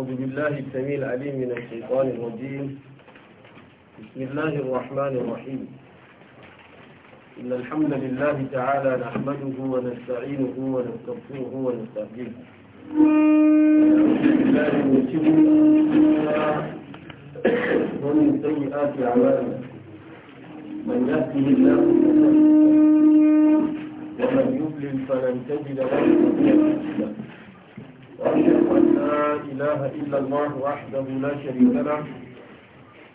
أعوذ بالله السميع العليم من الشيطان الرجيم بسم الله الرحمن الرحيم إن الحمد لله تعالى نحمده ونستعينه ونستغفره ونستهديه ومن سيئات أعمالنا من يهده الله ومن يضلل فلن تجد له وليا لا إله إلا الله وحده لا شريك له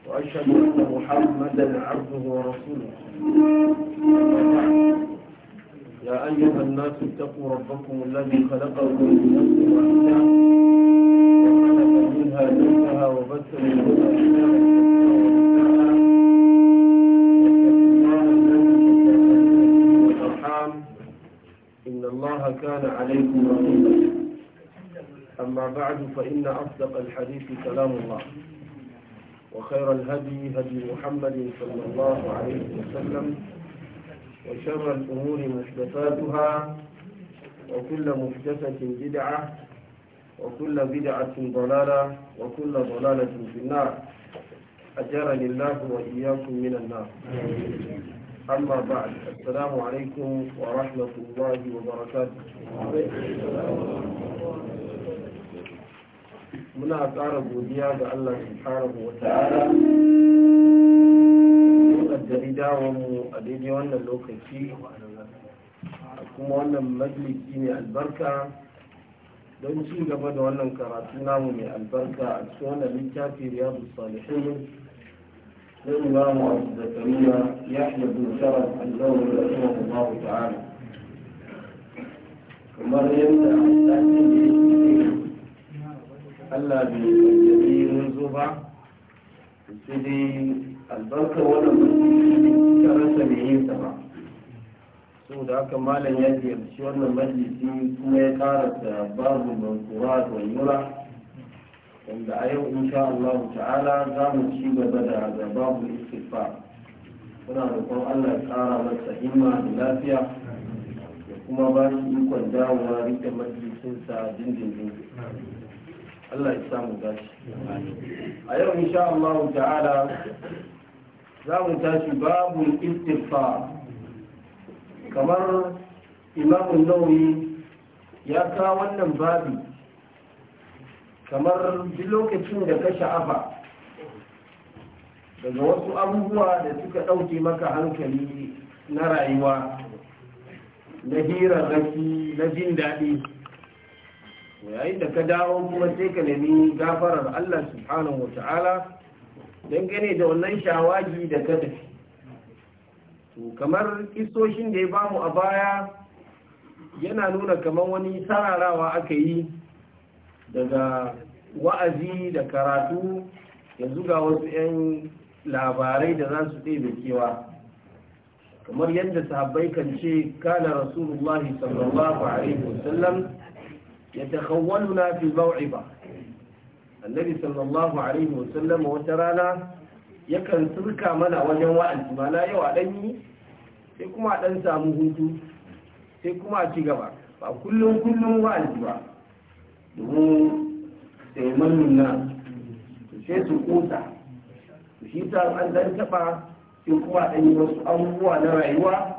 وأشهد أن محمدا عبده ورسوله يا أيها الناس اتقوا ربكم الذي خلقكم من نفس واحدة وخلق منها زوجها وبث منهما رجالا إن الله كان عليكم رقيبا أما بعد فإن أصدق الحديث كلام الله وخير الهدي هدي محمد صلى الله عليه وسلم وشر الأمور محدثاتها وكل محدثة بدعة وكل بدعة ضلالة وكل ضلالة في النار أجرني الله وإياكم من النار أما بعد السلام عليكم ورحمة الله وبركاته muna ƙara godiya ga Allah subhanahu wa ta'ala kaddari mu a daidai wannan lokaci kuma wannan majalisi mai albarka don ci gaba da wannan karatu namu mai albarka a cikin wannan littafi riyadu salihin mu imamu abu zakariya ya iya bin sharar da kuma allahu ta'ala kamar yadda a tsakin da ya Allah bai yi mun zo ba sai dai albarka wannan mutum ta rasa mai yin sa ba da haka malam ya ziyarci wannan majalisi kuma ya karanta babu mankura da yura wanda a yau insha Allah ta'ala za mu ci gaba da babu babu kuna muna roƙon Allah ya kara masa himma da lafiya da kuma ba shi ikon dawowa rike majalisinsa dindindin Allah ya samu dace a yau insha Allah ta'ala za mu tashi babu istighfar kamar Imam nauyi ya kawo wannan babi kamar duk lokacin da ka sha'afa daga wasu abubuwa da suka ɗauke maka hankali na rayuwa na hira hirarraki na jin daɗi yayin da ka dawo kuma sai ka nemi gafarar Allah subhanahu wa ta'ala dangane da wannan shawagi da ka tafi to kamar kistoshin da ya bamu a baya yana nuna kamar wani sararawa aka yi daga wa'azi da karatu yanzu ga wasu 'yan labarai da za su ɗebe kewa kamar yadda sahabbai kan ce kana rasulullahi sallallahu alaihi wasallam yatakhawwaluna fi maw'iba annabi sallallahu alaihi wasallam wata rana yakan surka mana wajen wa'azi mana yau a danyi sai kuma a dan samu hutu sai kuma a ci gaba ba kullum kullum wa'azi ba domin sai mannin na sai su kusa shi ta an dan taba sai kuma a dan yi wasu abubuwa na rayuwa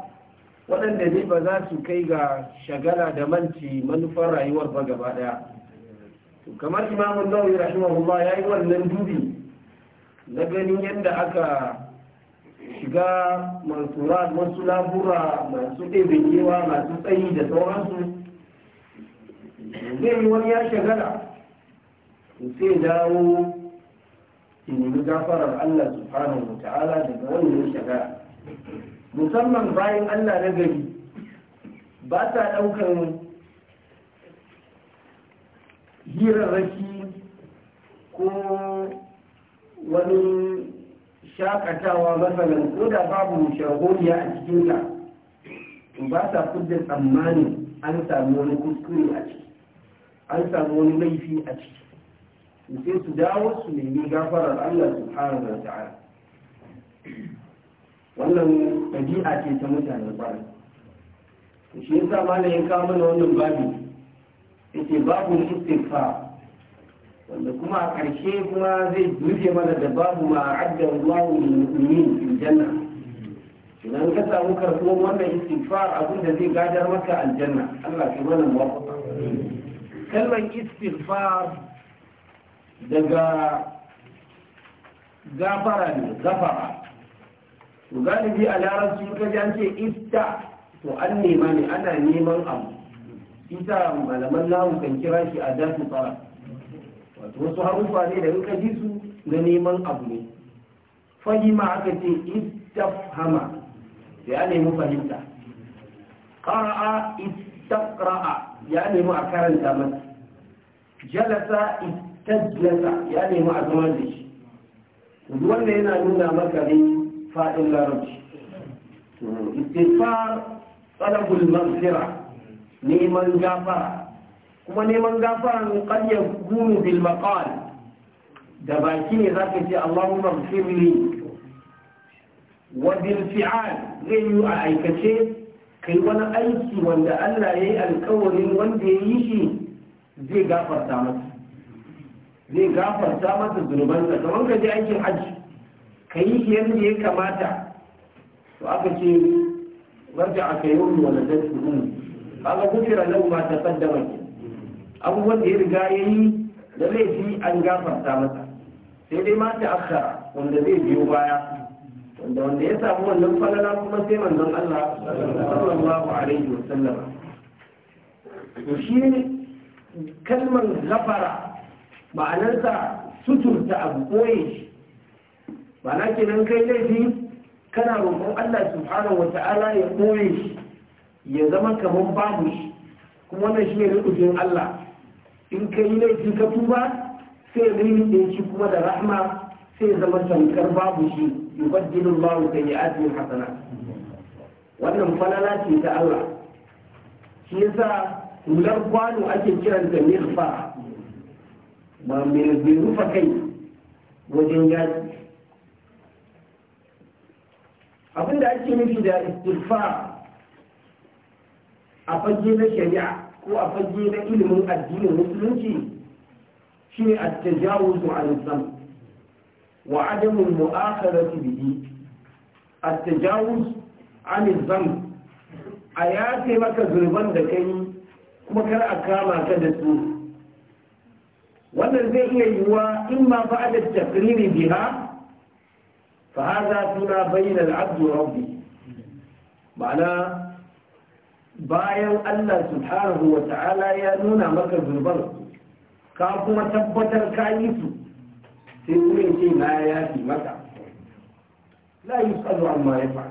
waɗanda ne ba za su kai ga shagala da manci manufar rayuwar ba gaba ɗaya kamar imamun nawawi rahimahullah ya yi wannan dubi na ganin yadda aka shiga masu masu labura masu ɗebekewa masu tsayi da sauransu zai yi wani ya shagala sai dawo in yi gafarar allah subhanahu wa ta'ala daga wannan shagala musamman bayan allah na gari ba sa ɗaukar hirarraki ko wani shakatawa matsalin ko da babu shahoniya a cikinta ba sa kudin tsammani an sami wani kuskure a ciki an sami wani laifi a ciki sai su dawo su nemi gafarar allah subhanahu wa ta'ala wannan ɗabi'a ce ta mutane ƙwarai shi yasa malam ya kawo mana wannan babi ce babu istighfar wanda kuma a ƙarshe kuma zai duke mana da babu ma adda Allahu lil mu'minin aljanna janna idan ka samu karɓo wannan istighfar abin da zai gadar maka aljanna Allah shi mana muwafaqa kalmar istighfar daga gafara ne gafara to galibi a larabci ka ji an ce ita to an nema ne ana neman abu ita malaman lahu kan kira shi a dasu fara. wato wasu harufa ne da ka ji su na neman abu ne fahima aka ce istafhama ya nemi fahimta ita istaqra'a ya nemi a karanta masa jalasa jalasa ya nemi a zama da shi wanda yana nuna maka ne faɗin larabci istighfar talabul neman gafara kuma neman gafara ne kan ya gunu da baki ne zaka ce Allahumma ighfirli wa bil fi'al zai yi a aikace kai wani aiki wanda Allah ya yi alkawarin wanda ya yi shi zai gafarta masa zai gafarta masa zunubansa aikin hajji ka yi shi yadda ya kamata to aka ce warja aka yi wani wani zai su ba ga kufira na ba ta saddama ke abubuwan da ya riga ya yi da zai fi an gafarta masa sai dai ma ta aka wanda zai biyo baya wanda wanda ya samu wannan falala kuma sai manzon Allah sallallahu alaihi wa sallama to shi kalmar gafara ma'anarsa suturta abu koye shi mana kenan kai laifi kana roƙon Allah subhanahu wata'ala ya ɓoye shi ya zama kamar babu shi kuma wannan shi ne rikujin Allah in ka yi laifi ka tuba sai rini shi kuma da rahma sai zama tamkar babu shi yubaddilu Allah ta yi ajin hasana wannan falala ce ta Allah shi yasa hular kwano ake kiranta mirfa ba mai rufa kai wajen yaji abin da ake nufi da istighfar a fage na shari'a ko a fage na ilimin addinin musulunci shine at su a nisan wa adam al-mu'akhadati bihi at-tajawuz a nisan a yafe maka zurban da kai kuma kar a kama ka da su wannan zai iya yiwuwa in ma ba'da takriri biha fa haza suna bayyana al'abdu rabbi ma'ana bayan Allah subhanahu wa ta'ala ya nuna maka zurban ka kuma tabbatar ka yi su sai kuma ce na ya fi maka la yi tsalo amma ya fa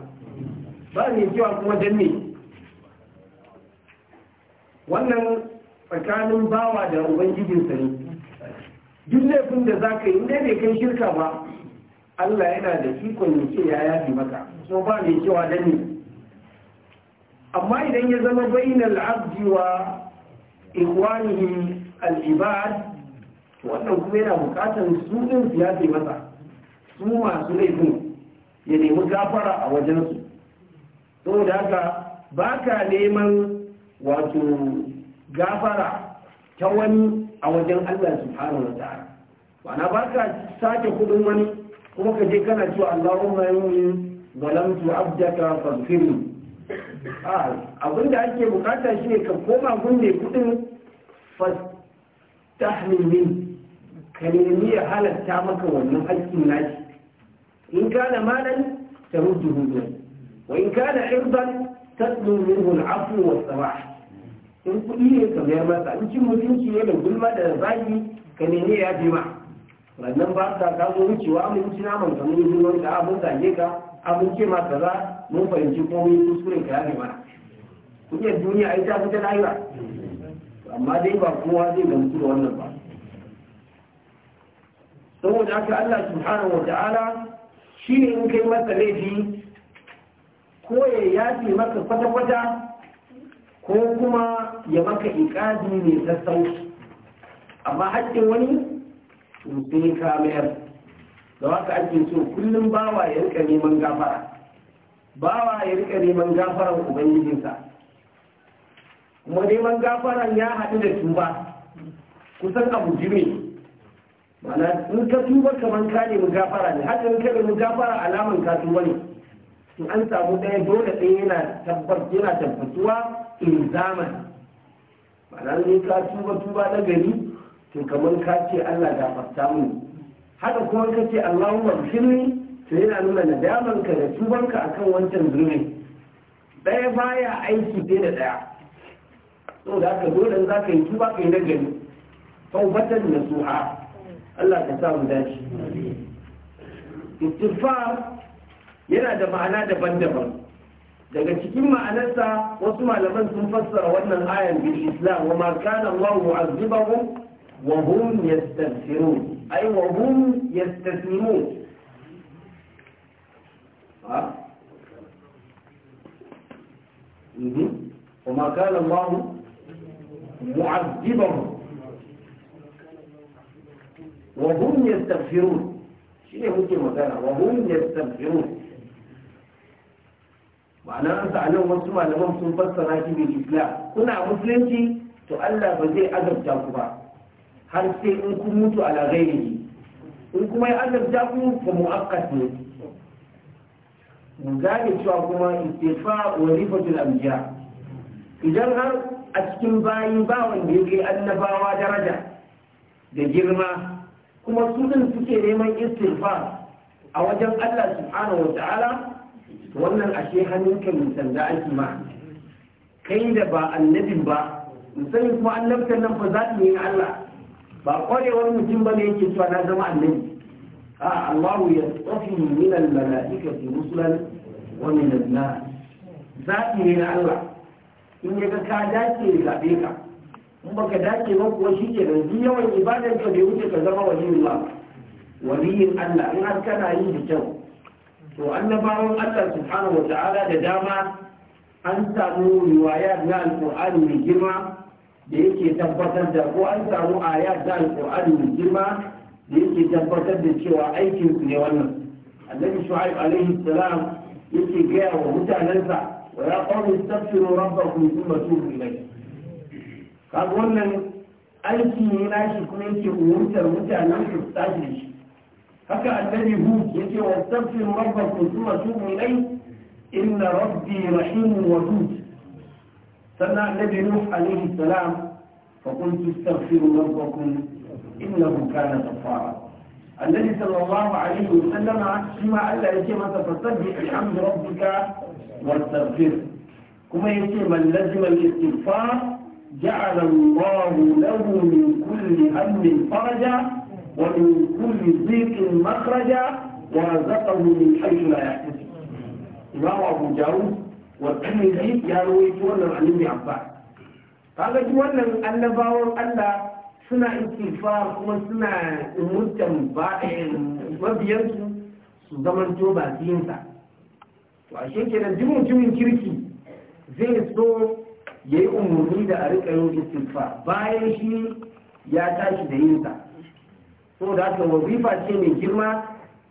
ba ne cewa kuma ne. wannan tsakanin bawa da ubangijinsa ne duk laifin da za ka yi ne bai kai shirka ba Allah yana da ikon ya ce ya yafi maka so ba mai cewa da ne amma idan ya zama bainal abdi wa ikwanihi al-ibad wannan kuma yana bukatar su din su yafi masa su masu laifin ya nemi gafara a wajensu saboda haka ba ka neman wato gafara ta wani a wajen Allah subhanahu wa ta'ala ba ka sake kudin wani kuma ka je kana cewa Allahumma yuni zalamtu abdaka a ah, abin da ake bukata shi ne ka koma gunne kudin fastahmini ka nemi ya halatta maka wannan haƙƙin nashi in kana malan ta rudu hudu wa in kana irban ta tsumin hul'afu wa tsawa in kuɗi ne ka mayar masa in cin mutunci ne da gulma da zagi ka nemi ya bi ma wannan ba ka ka zo wucewa mun ci naman ka mun yi wanka abun zage ka abun ce ma kaza mun fahimci ko mun yi kuskuren ka ba mana kuɗin duniya ai ta fita lahira amma dai ba kowa zai ga mutu da wannan ba saboda haka Allah subhanahu wa ta'ala shi ne in kai masa laifi ko ya yafi maka kwata-kwata ko kuma ya maka ikadi ne sassau amma haƙƙin wani to kamiyar da haka ake so kullum bawa ya rika neman gafara bawa ya rika neman gafaran ubangijinsa kuma neman gafaran ya haɗu da tuba kusan abu jimi mana in ka tuba kamar ka nemi gafara ne haka in ka nemi gafara alaman ka tuba ne in an samu ɗaya dole ɗaya yana tabbatuwa in zamani. mana ne ka tuba tuba na gari to kamar ka ce Allah gafarta mun haka kuma ka ce Allahumma firni to yana nuna daman ka da tubanka akan wancan zulmi daya baya aiki dai da daya to da ka dole za ka yi tuba ka yi nagari taubatan nasuha Allah ka sa mu dace istighfar yana da ma'ana daban-daban daga cikin ma'anarsa wasu malaman sun fassara wannan ayan bil islam wa ma kana Allahu mu'azzibahum وهم يستغفرون أي وهم يستسلمون ها وما كان الله معذبهم وهم يستغفرون شنو ممكن مكانها وهم يستغفرون ma'ana an sa anan wasu malaman sun fassara shi bil kuna musulunci to Allah ba zai azabta ku ba har sai in ku mutu ala ghairihi in kuma ya azabta ku fa mu'aqqat ne mun gane cewa kuma istifa wa rifatul anbiya idan har a cikin bayi ba wanda ya annabawa daraja da girma kuma su din suke neman istifa a wajen Allah subhanahu wa ta'ala wannan ashe hannunka mai sanda ake ma kai da ba annabin ba musamman kuma annabtan nan fa za yi Allah ba kwarewar mutum ba ne yake cewa na zama annabi a Allah ya tsofi min al-mala'ika fi rusulan wa min an-nas zaki ne na Allah in ya ga ka dace ya zabe ka in baka dace ba kuwa shi ke nan yawan ibadar ka bai wuce ka zama waliyin Allah waliyin Allah in har kana yin da kyau to annabawan Allah subhanahu wa ta'ala da dama an samu riwaya na al al-Qur'ani mai girma da yake tabbatar da ko an samu aya ta alƙur'ani mai girma da yake tabbatar da cewa aikin su ne wannan annabi shu'aib alaihi salam yake gaya wa mutanensa wa ya qawmi istaghfiru rabbakum thumma tubu ilayhi kaga wannan aiki ne na shi kuma yake umurtar mutanen su tashi da shi haka annabi hu yake wa istaghfiru rabbakum thumma tubu ilayhi inna rabbi rahimun wadud سمع النبي نوح عليه السلام فقلت استغفروا ربكم إنه كان غفارا الذي صلى الله عليه وسلم سمع ألا يتيما تتصدق بحمد ربك واستغفر كما يتيما لزم الاستغفار جعل الله له من كل هم فرجا ومن كل ضيق مخرجا ورزقه من حيث لا يحتسب إمام أبو داود والترمذي ya rawaito wannan عن ابن عباس kaga ji wannan annabawan Allah suna istighfar kuma suna mutan ba su zaman to ba sa to ashe kenan duk mutumin kirki zai so ya yi umarni da a rika yin istighfar bayan shi ya tashi da yin sa saboda haka wazifa ce mai girma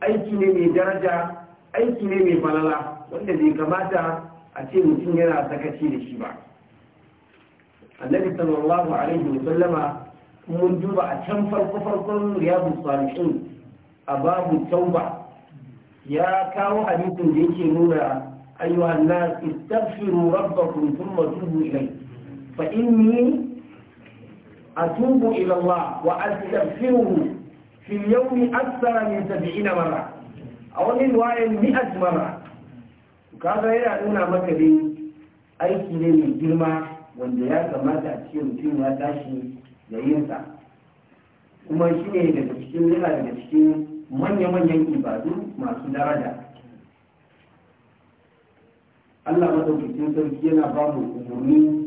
aiki ne mai daraja aiki ne mai falala wanda bai kamata a mutum yana sakaci da shi ba annabi sallallahu alaihi wa sallama mun duba a can farko farkon riyadu salihin a babu tauba ya kawo hadisin da yake nuna ayyuhan nas istaghfiru rabbakum thumma tubu ilayhi fa inni atubu ila Allah wa astaghfiruhu في yawmi akthara min 70 marra aw min wa'in 100 marra kaga yana nuna maka ne aiki ne mai girma wanda ya kamata a cikin mutum ya tashi da yinsa kuma shi ne daga cikin yana daga cikin manya-manyan ibadu masu daraja Allah madaukakin sarki yana ba mu umarni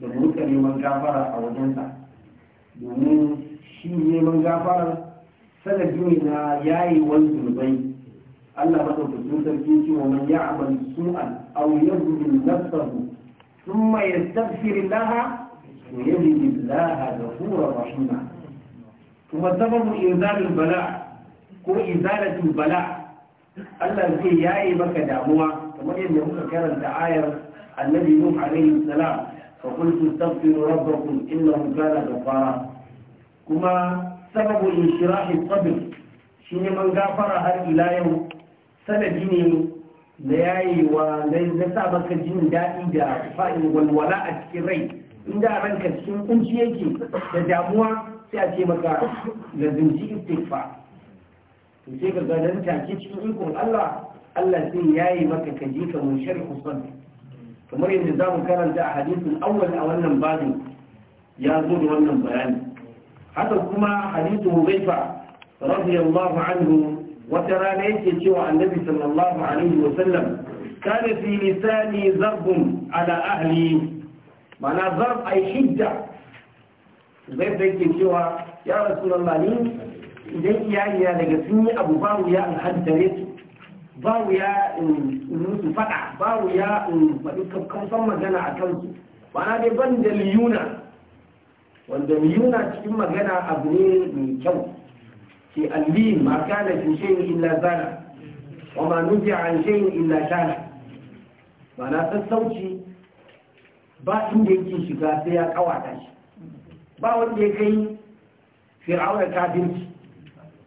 da muka neman gafara a wajensa domin shi neman gafara sanadi ne na yayi wani zunubai Allah madaukakin sarki ce wa man ya'mal su'an aw yazlim nafsahu thumma yastaghfir Allah wa yajid Allah ghafura rahima kuma sababu inzalul bala ko izalatul bala Allah zai yaye maka damuwa kamar yadda muka karanta ayar annabi Nuh alaihi salam fa qultu astaghfiru rabbakum innahu kana ghafara kuma sababu inshirahi sabr shine man gafara har ila yau sanadi ne na wa na sa maka jin daɗi da fa'in walwala a cikin rai inda ranka cikin kunci yake da damuwa sai a ce maka lazimci istighfar to sai ka gadan take cikin ikon Allah Allah sai yayi maka kaji ka mun sharhu kamar yadda za mu karanta a hadisin awwal a wannan babin ya zo da wannan bayani haka kuma hadisin Hudayfa radiyallahu anhu wata rana yake cewa annabi sallallahu alaihi wasallam kana fi lisani zarbun ala ahli mana zarb ay shidda zai da yake cewa ya rasulullah ni idan iyaliya daga sun yi abu babu ya in haddare su ba wuya in musu faɗa ba in faɗi kamfan magana a kansu ma'ana dai ban da liyuna wanda liyuna cikin magana abu ne mai kyau في اللين ما كان في شيء إلا زنا وما نزع عن شيء إلا شانا معنى الصوتي ba inda yake shiga sai ya kawata shi ba wanda ya kai fir'aunar kafinci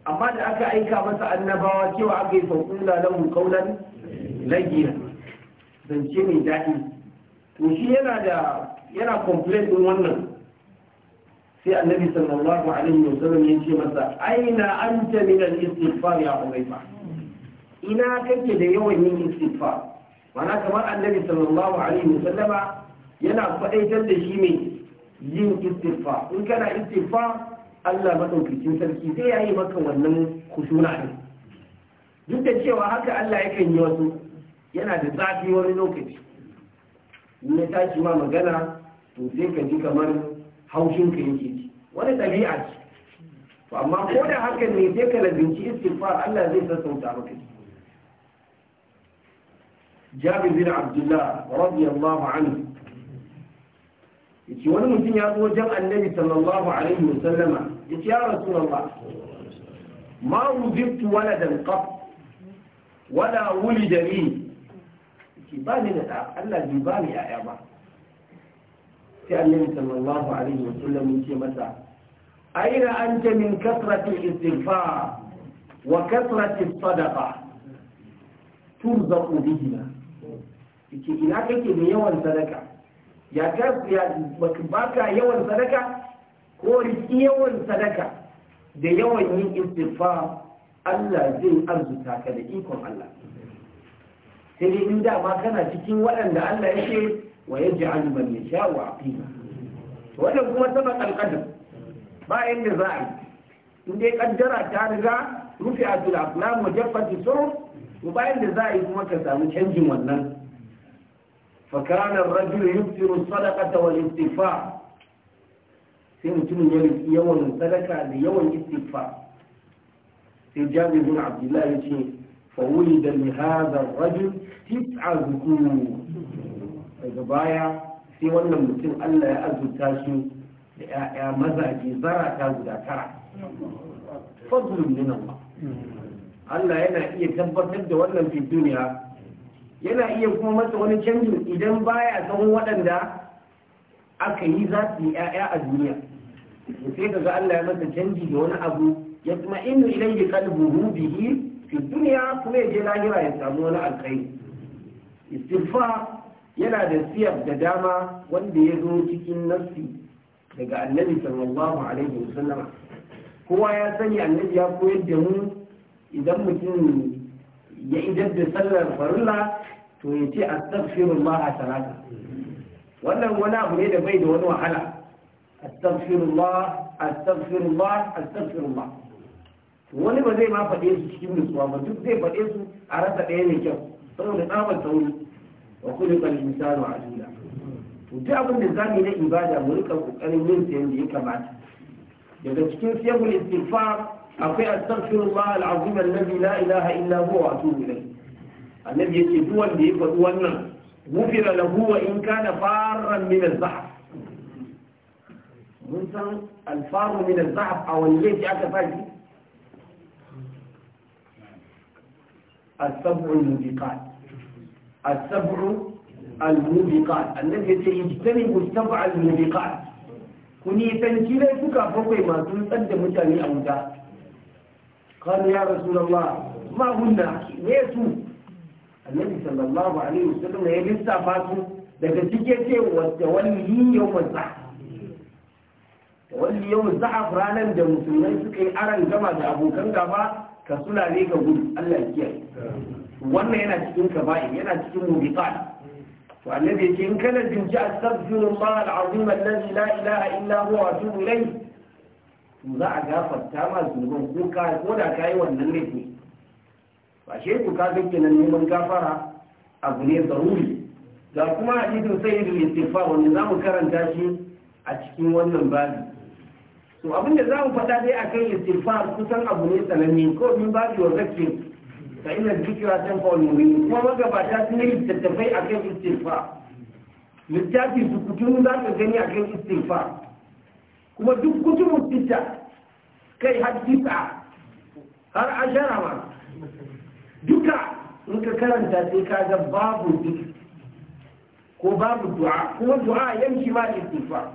amma da aka aika masa annabawa cewa aka yi sauƙula lahu kaunan lagiya zance mai daɗi to shi yana da yana complain ɗin wannan sai annabi sallallahu alaihi wa sallam ya ce masa aina anta min al-istighfar ya Hudayfa ina kake da yawan yin istighfar mana kamar annabi sallallahu alaihi wa sallama yana faɗaitar da shi mai yin istighfar in kana istighfar Allah madaukakin sarki zai yayi maka wannan kushuna ne duk da cewa haka Allah yakan yi wasu yana da zafi wani lokaci in ya tashi ma magana to sai ka ji kamar haushin ka yake wani ɗabi'a ce to amma ko da hakan ne sai ka labinci istighfar Allah zai sassauta maka Jabir bin Abdullah radiyallahu anhu yace wani mutum ya zo wajen Annabi sallallahu alaihi wa sallama yace ya Rasulullah ma wujibtu waladan qat wala wulida li yace ba ni da Allah bai ba ni ya'ya ba sai annabi sallallahu alaihi wasallam ya ce masa aina anta min kasratil istighfar wa kasratil sadaqa turzaqu bihima yake ina kake da yawan sadaka ya ka ya baka yawan sadaka ko riki yawan sadaka da yawan yin istighfar Allah zai arzuta ka da ikon Allah sai dai in da ma kana cikin waɗanda Allah yake wa yaj'alu man yasha'u aqima wannan kuma sama kalkadar ba yanda za a yi Inda ya kaddara ta riga rufe a tulaflam mujaffati suruf to bayan da za a yi kuma ka samu canjin wannan Fakaranar فكان الرجل يكثر الصدقة والاستغفار sai mutumin ya riki yawan sadaka da yawan istighfar sai jami'in abdullahi ya ce fa wulida li hadha ar-rajul tis'a dhukur daga baya sai wannan mutum Allah ya azurta su da ‘ya'ya mazaje zarata guda tara fadlun min Allah Allah yana iya tabbatar da wannan fi duniya yana iya kuma masa wani canjin idan baya sahun waɗanda aka yi za su yi ‘ya'ya a duniya sai ka ga Allah ya masa canji da wani abu ya kuma inu idan ya kalbu bihi fi duniya kuma ya je lahira ya samu wani alkhairi istighfar yana da siyar da dama wanda ya zo cikin nassi daga annabi sallallahu alaihi wasallam kowa ya sani annabi ya koyar da mu idan mutum ya idar da sallar farilla to ya ce astaghfirullah a salata wannan wani abu ne da bai da wani wahala astaghfirullah astaghfirullah astaghfirullah wani ba zai ma faɗe su cikin nutsuwa ba duk zai faɗe su a rasa ɗaya ne kyau saboda tsamar sauri وخلق الإنسان عجولا وتعب النظام إلى إبادة ملكة وقال من سين دي كمات يجب تكين سيب الاستغفار أقول أستغفر الله العظيم الذي لا إله إلا هو وأتوب إليه الذي يتدوى اللي يفضوى النم غفر له وإن كان فارا من الزحف منسان الفار من الزحف أو الليل في أكفاجي السبع المذيقات السبع الموبقات الذي يجتنب السبع الموبقات كني تنكيلا فكا فوقي ما تنسد متاني أودا قال يا رسول الله ما هنا ميتو النبي صلى الله عليه وسلم هي لسا فاتو لك cike ce يوم الزحف تولي يوم الزحف رانا za'af ranar da musulmai suka yi aran gama da abokan gaba ka sulale ka wannan yana cikin kaba'in yana cikin mubiqat to annabi yake in kana jin ji astaghfirullah alazim alladhi la ilaha illa huwa atubu ilayhi to za a gafarta ma zunuban ko ka ko da kai wannan laifi ba shi ku ka ga nan neman gafara abu ne zaruri ga kuma hadisin sayyidul istighfar wanda zamu karanta shi a cikin wannan babi to abin da zamu faɗa dai akan istighfar kusan abu ne tsananin ko min babi wa fa ina zikira tanfa al-mu'min kuma magabata sun yi littattafai akan istighfar littafi su kutun za ka gani akan istighfar kuma duk kutubun sita kai har tisa har ashara ma duka in ka karanta sai ka ga babu duk ko babu du'a kuma du'a yanki ma istighfar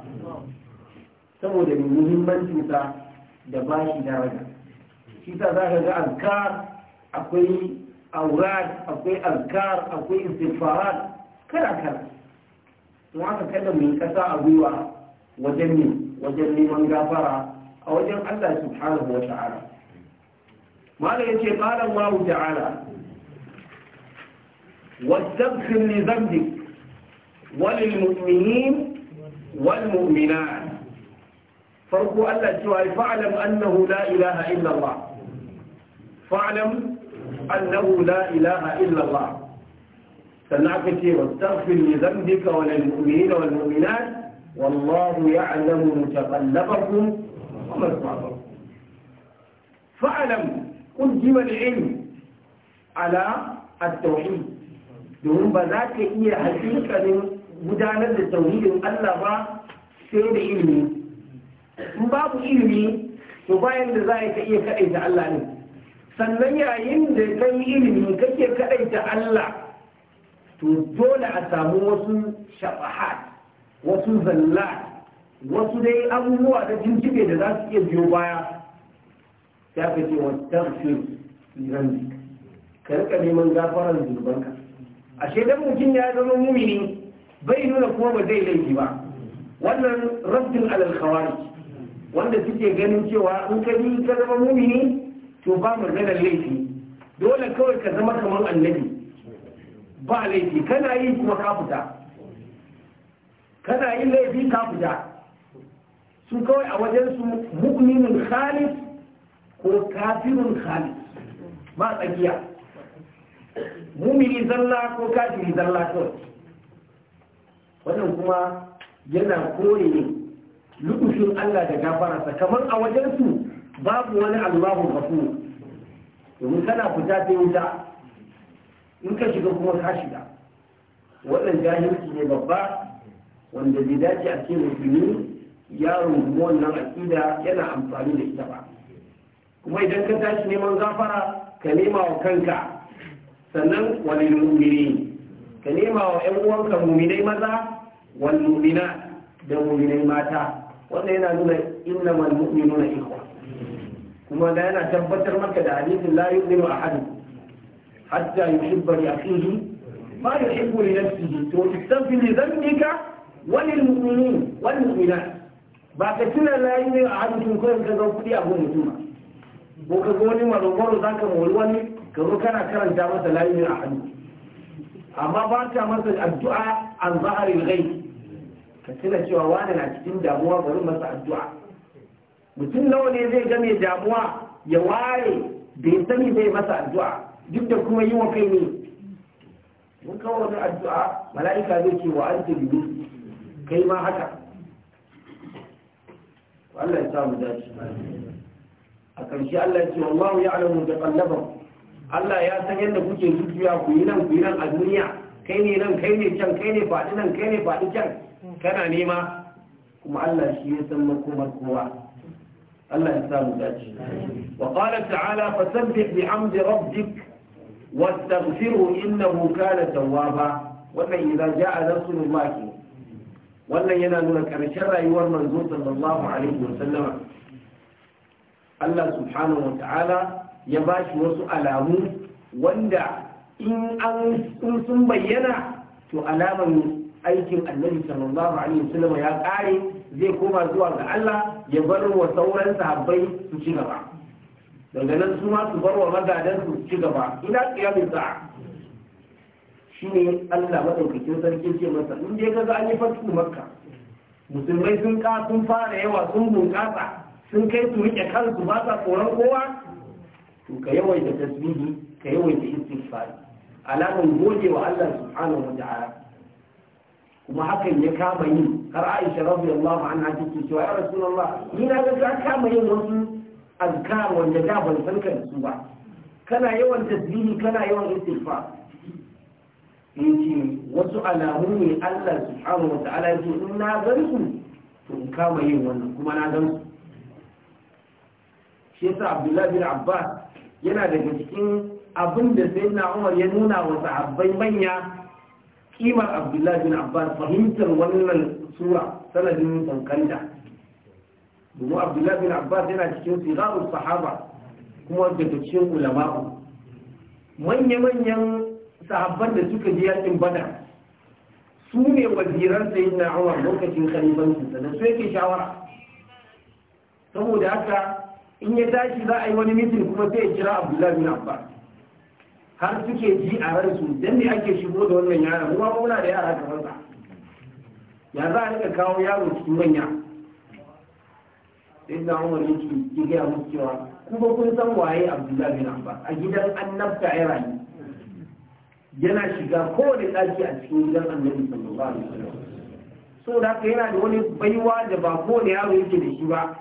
saboda muhimmancin sa da bashi daraja shi ta za ka ga azkar akwai aurat akwai azkar akwai istighfarat kala kala to haka kada mu yi kasa a gwiwa wajen ne wajen neman gafara a wajen Allah subhanahu wa ta'ala mala yace qala Allah ta'ala واستغفر لذنبك وللمؤمنين والمؤمنات فرقوا ألا سوى فاعلم annahu لا إله إلا الله annahu la ilaha illallah sannan aka ce wa taghfir li dhanbika wa lil mu'minina wal mu'minat wallahu ya'lamu mutaqallabakum wa maswaakum fa'lam ujjiba al-ilm ala at-tauhid domin ba za ka iya hakikanin gudanar da tauhidin Allah ba sai da ilimi in babu ilimi to bayan da za ka iya kaɗaita Allah ne sannan yayin da ka yi ilimi kake kaɗaita Allah to dole a samu wasu shafahat wasu zalla wasu dai abubuwa da tuntube da za su iya biyo baya ya ka wa tafsir iran ka rika neman gafaran zunubanka ashe dan mutum ya zama mumini bai nuna kuma ba zai laifi ba wannan rabdin alal khawarij wanda suke ganin cewa in ka bi ka zama mumini to ba maganar laifi dole kawai ka zama kamar annabi ba laifi kana yi kuma ka fita kana yi laifi ka fita su kawai a wajensu mu'minun khalis ko kafirun khalis ba tsakiya mumini zalla ko kafiri zalla kawai wannan kuma yana kore lukushin Allah da gafararsa kamar a wajensu babu wani allahu kafu domin kana fita ta wuta in ka shiga kuma ka shiga wannan jahilci ne babba wanda bai dace a cikin musulmi ya rungumi wannan aƙida yana amfani da ita ba kuma idan ka tashi neman gafara ka nema wa kanka sannan walil mu'mini ka nema wa 'yan uwanka mu'minai maza wal mu'mina da mu'minai mata wannan yana nuna innamal mu'minuna ikhwa kuma da yana tabbatar maka da hadisin la yu'minu ahadun hatta yuhibba li akhihi ma yuhibbu li nafsihi to istaghfir li dhanbika wa lil mu'minin wal mu'minat ba ka tuna la yu'minu tun ko ka ga kudi a gurin mutum ko ka ga wani za zaka mori wani ka zo kana karanta masa la yu'minu ahadun amma ba ka masa addu'a an zaharil ghaib ka tuna cewa wani na cikin damuwa bari masa addu'a mutum nawa ne zai game damuwa ya ware da ya sani zai masa addu'a duk da kuma yi wa kai ne mun kawo wani addu'a mala'ika zai ce wa an tabi kai ma haka Allah ya samu dace a ƙarshe Allah ya ce wallahu da taqallabakum Allah ya san yadda kuke zuciya ku yi nan ku yi nan a duniya kai ne nan kai ne can kai ne faɗi nan kai ne faɗi can kana nema kuma Allah shi ya san makomar kowa Allah ya samu dace wa qala ta'ala fasabbih bihamdi rabbik Wannan innahu kana tawwaba wannan idza ja'a rasulullah wannan yana nuna karshen rayuwar manzo sallallahu alaihi wa sallama Allah subhanahu wa ta'ala ya bashi wasu alamu wanda in an sun bayyana to alaman aikin annabi sallallahu alaihi sallama ya kare zai koma zuwa ga Allah ya bar wa sauran sahabbai su ci gaba daga nan su ma su bar wa magadan su ci gaba ina kiyamin sa'a shine Allah madaukakin sarki ce masa in dai kaga an yi fatu makka musulmai sun ka sun fara yawa sun bunƙasa sun kai su rike kansu ba sa tsoron kowa to ka yawaita tasbihi ka yawaita istighfar alamun goge wa Allah subhanahu wa ta'ala kuma hakan ya kama yin har aisha an anha ke cewa ya rasu allah ni na ga ka kama yin wasu azkar wanda da ban san kan su ba kana yawan tasbihi kana yawan istighfar yace wasu alamu ne Allah subhanahu wa ta'ala yace in na gan su to in kama yin wannan kuma na gan su shi yasa abdullahi bin Abbas yana daga cikin abin da sayyidina Umar ya nuna wa sahabbai manya kimar abdullahi bin abbas fahimtar wannan sura sanadin tankanta domin abdullahi bin abbas yana cikin sirarun sahaba kuma daga cikin ulama'u manya-manyan sahabban da suka ji yakin bada su ne waziran sayi na awar lokacin kalibancinsa da su yake shawara saboda haka in ya tashi za a yi wani mitin kuma zai ya kira abdullahi bin abbas har suke ji a ransu dan ne ake shigo da wannan yara mu ba muna da yara kamar sa ya za a rika kawo yaro cikin manya sai na umar yake ki ga mu cewa kuma kun san waye abdullahi bin abbas a gidan annabta ya rayu yana shiga kowane daki a cikin gidan annabi sallallahu alaihi wasallam so da haka yana da wani baiwa da ba kowane yaro yake da shi ba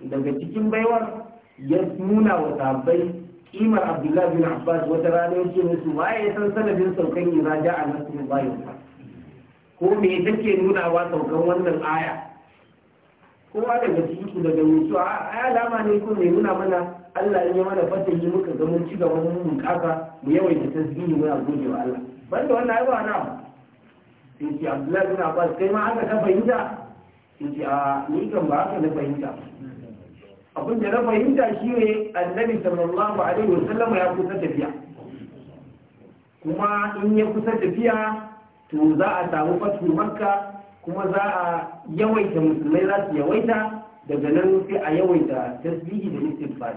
daga cikin baiwar ya nuna wa sahabbai kimar abdullahi bin abbas wata rana yake musu waye ya san sanadin saukan yi raja a nasu min bayan ko me take wa saukan wannan aya kowa daga cikin daga yusu a alama ne ko mai nuna mana Allah ya mana yi muka ga mun ci gaba mun kasa mu yawaita tasbihi muna gode wa Allah banda wannan ayyuka na sai ce Abdullahi bin Abbas kai ma haka ka fahimta sai ce a ni kan ba haka na fahimta abin da na fahimta shi ne annabi sallallahu alaihi wasallam ya kusa tafiya kuma in ya kusa tafiya to za a samu fatu makka kuma za a yawaita musulmai za su yawaita daga nan sai a yawaita tasbihi da istighfar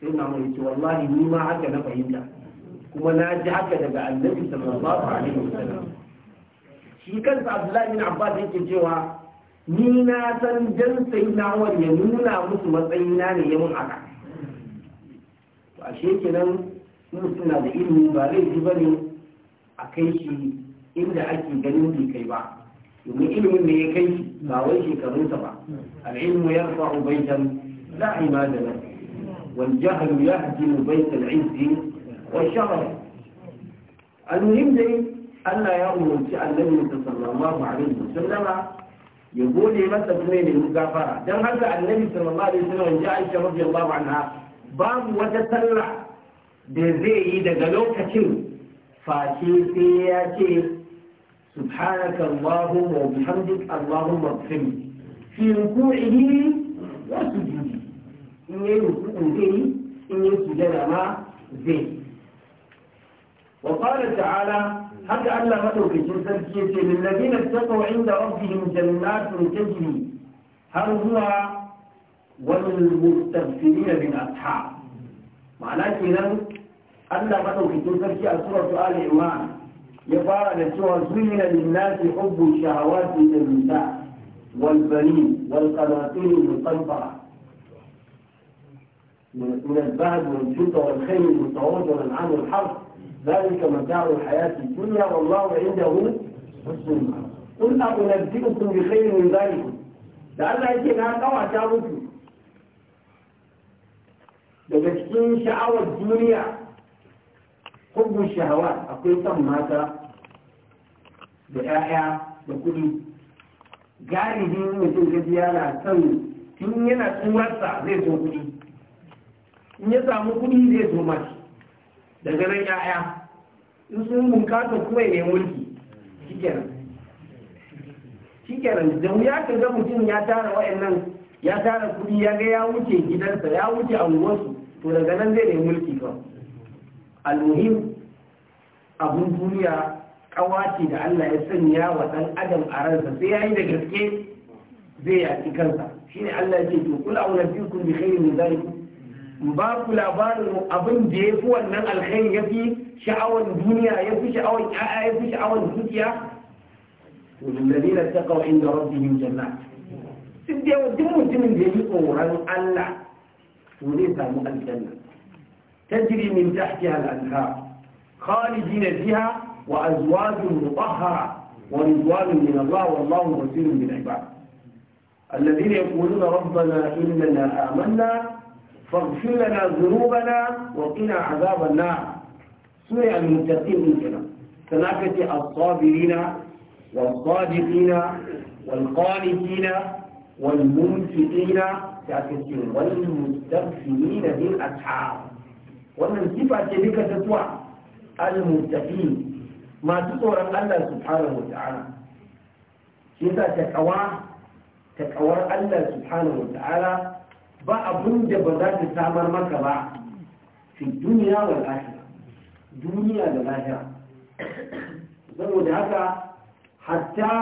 sai na mai ce wallahi ni ma haka na fahimta kuma na ji haka daga annabi sallallahu alaihi wasallam shi kansa abdullahi bin abbas yake cewa ni na san jan sai na wani ya nuna musu matsayina ne yawan haka to ashe kenan mutum na da ilimi ba laifi ba ne a kai shi inda ake ganin bai kai ba domin ilimin da ya kai shi ba wai shekarunsa ba al'ilmu ya rufa ubaitan la imada na wal jahalu ya hajjimu ubaitan izzi wa shahar al-muhim dai Allah ya umarci annabi sallallahu alaihi wasallama ya gode masa kuma ya nemi gafara dan haka annabi sallallahu alaihi wasallam ya aisha radiyallahu anha babu wata sallah da zai yi daga lokacin face sai ya ce subhanaka allahumma wa bihamdik allahumma ighfir fi ruku'ihi wa sujudi in yayi ruku'u zai in yayi sujada ma zai wa qala ta'ala حتى ألا في جسدكيك للذين اتقوا عند ربهم جنات تجري هل هو والمستغفرين من أصحاب معناه إذا ألا في جسدكي أسورة آل إيمان يقال لسوى زين للناس حب الشهوات من النساء والبنين والقناطير المقنطرة من الباب والجد والخيل المتواضع والعمل الحرب ذلك متاع الحياة الدنيا والله عنده حسن المآب قل أنبئكم بخير من ذلك لعل yake na kawata muku daga cikin sha'awar duniya hubbu shahawa akwai son mata da 'ya'ya da kuɗi galibin mutum gaji yana son tun yana tsurarsa zai so kuɗi in ya samu kuɗi zai so mashi daga nan ya'ya in sun bunkasa kuma ne mulki shikenan shikenan da wuya ka mutum ya tara wa'annan ya tara kuɗi ya ga ya wuce gidansa ya wuce anguwarsu to daga nan zai ne mulki fa almuhim abun duniya kawace da Allah ya sanya wa dan adam a ransa sai yayi da gaske zai yaki kansa shine Allah ya ce to kul a'udhu kun bi khairin zalikum ba ku labarin abin da ya fi wannan alkhairi ya fi sha'awar duniya ya fi sha'awar ƴaƴa ya fi sha'awar dukiya والذين اتقوا عند ربهم جنات Sun da duk mutumin da yi tsoron Allah to zai samu aljanna Ta jiri min tahtiha al-anhar khalidina fiha wa azwajun mutahhara wa ridwanun min Allah wa wallahu basirun bil ibad الذين يقولون ربنا إننا آمنا faghfir lana bana wa qina azaban nar sune al-muttaqin din kenan sana ka ce as-sabirina ta ka wannan sifa ce duka ta tuwa al-muttaqin masu tsoron Allah subhanahu wa shi Allah subhanahu ba abun da ba za ta samar maka ba fi duniya wal lahira duniya da lahira saboda haka hatta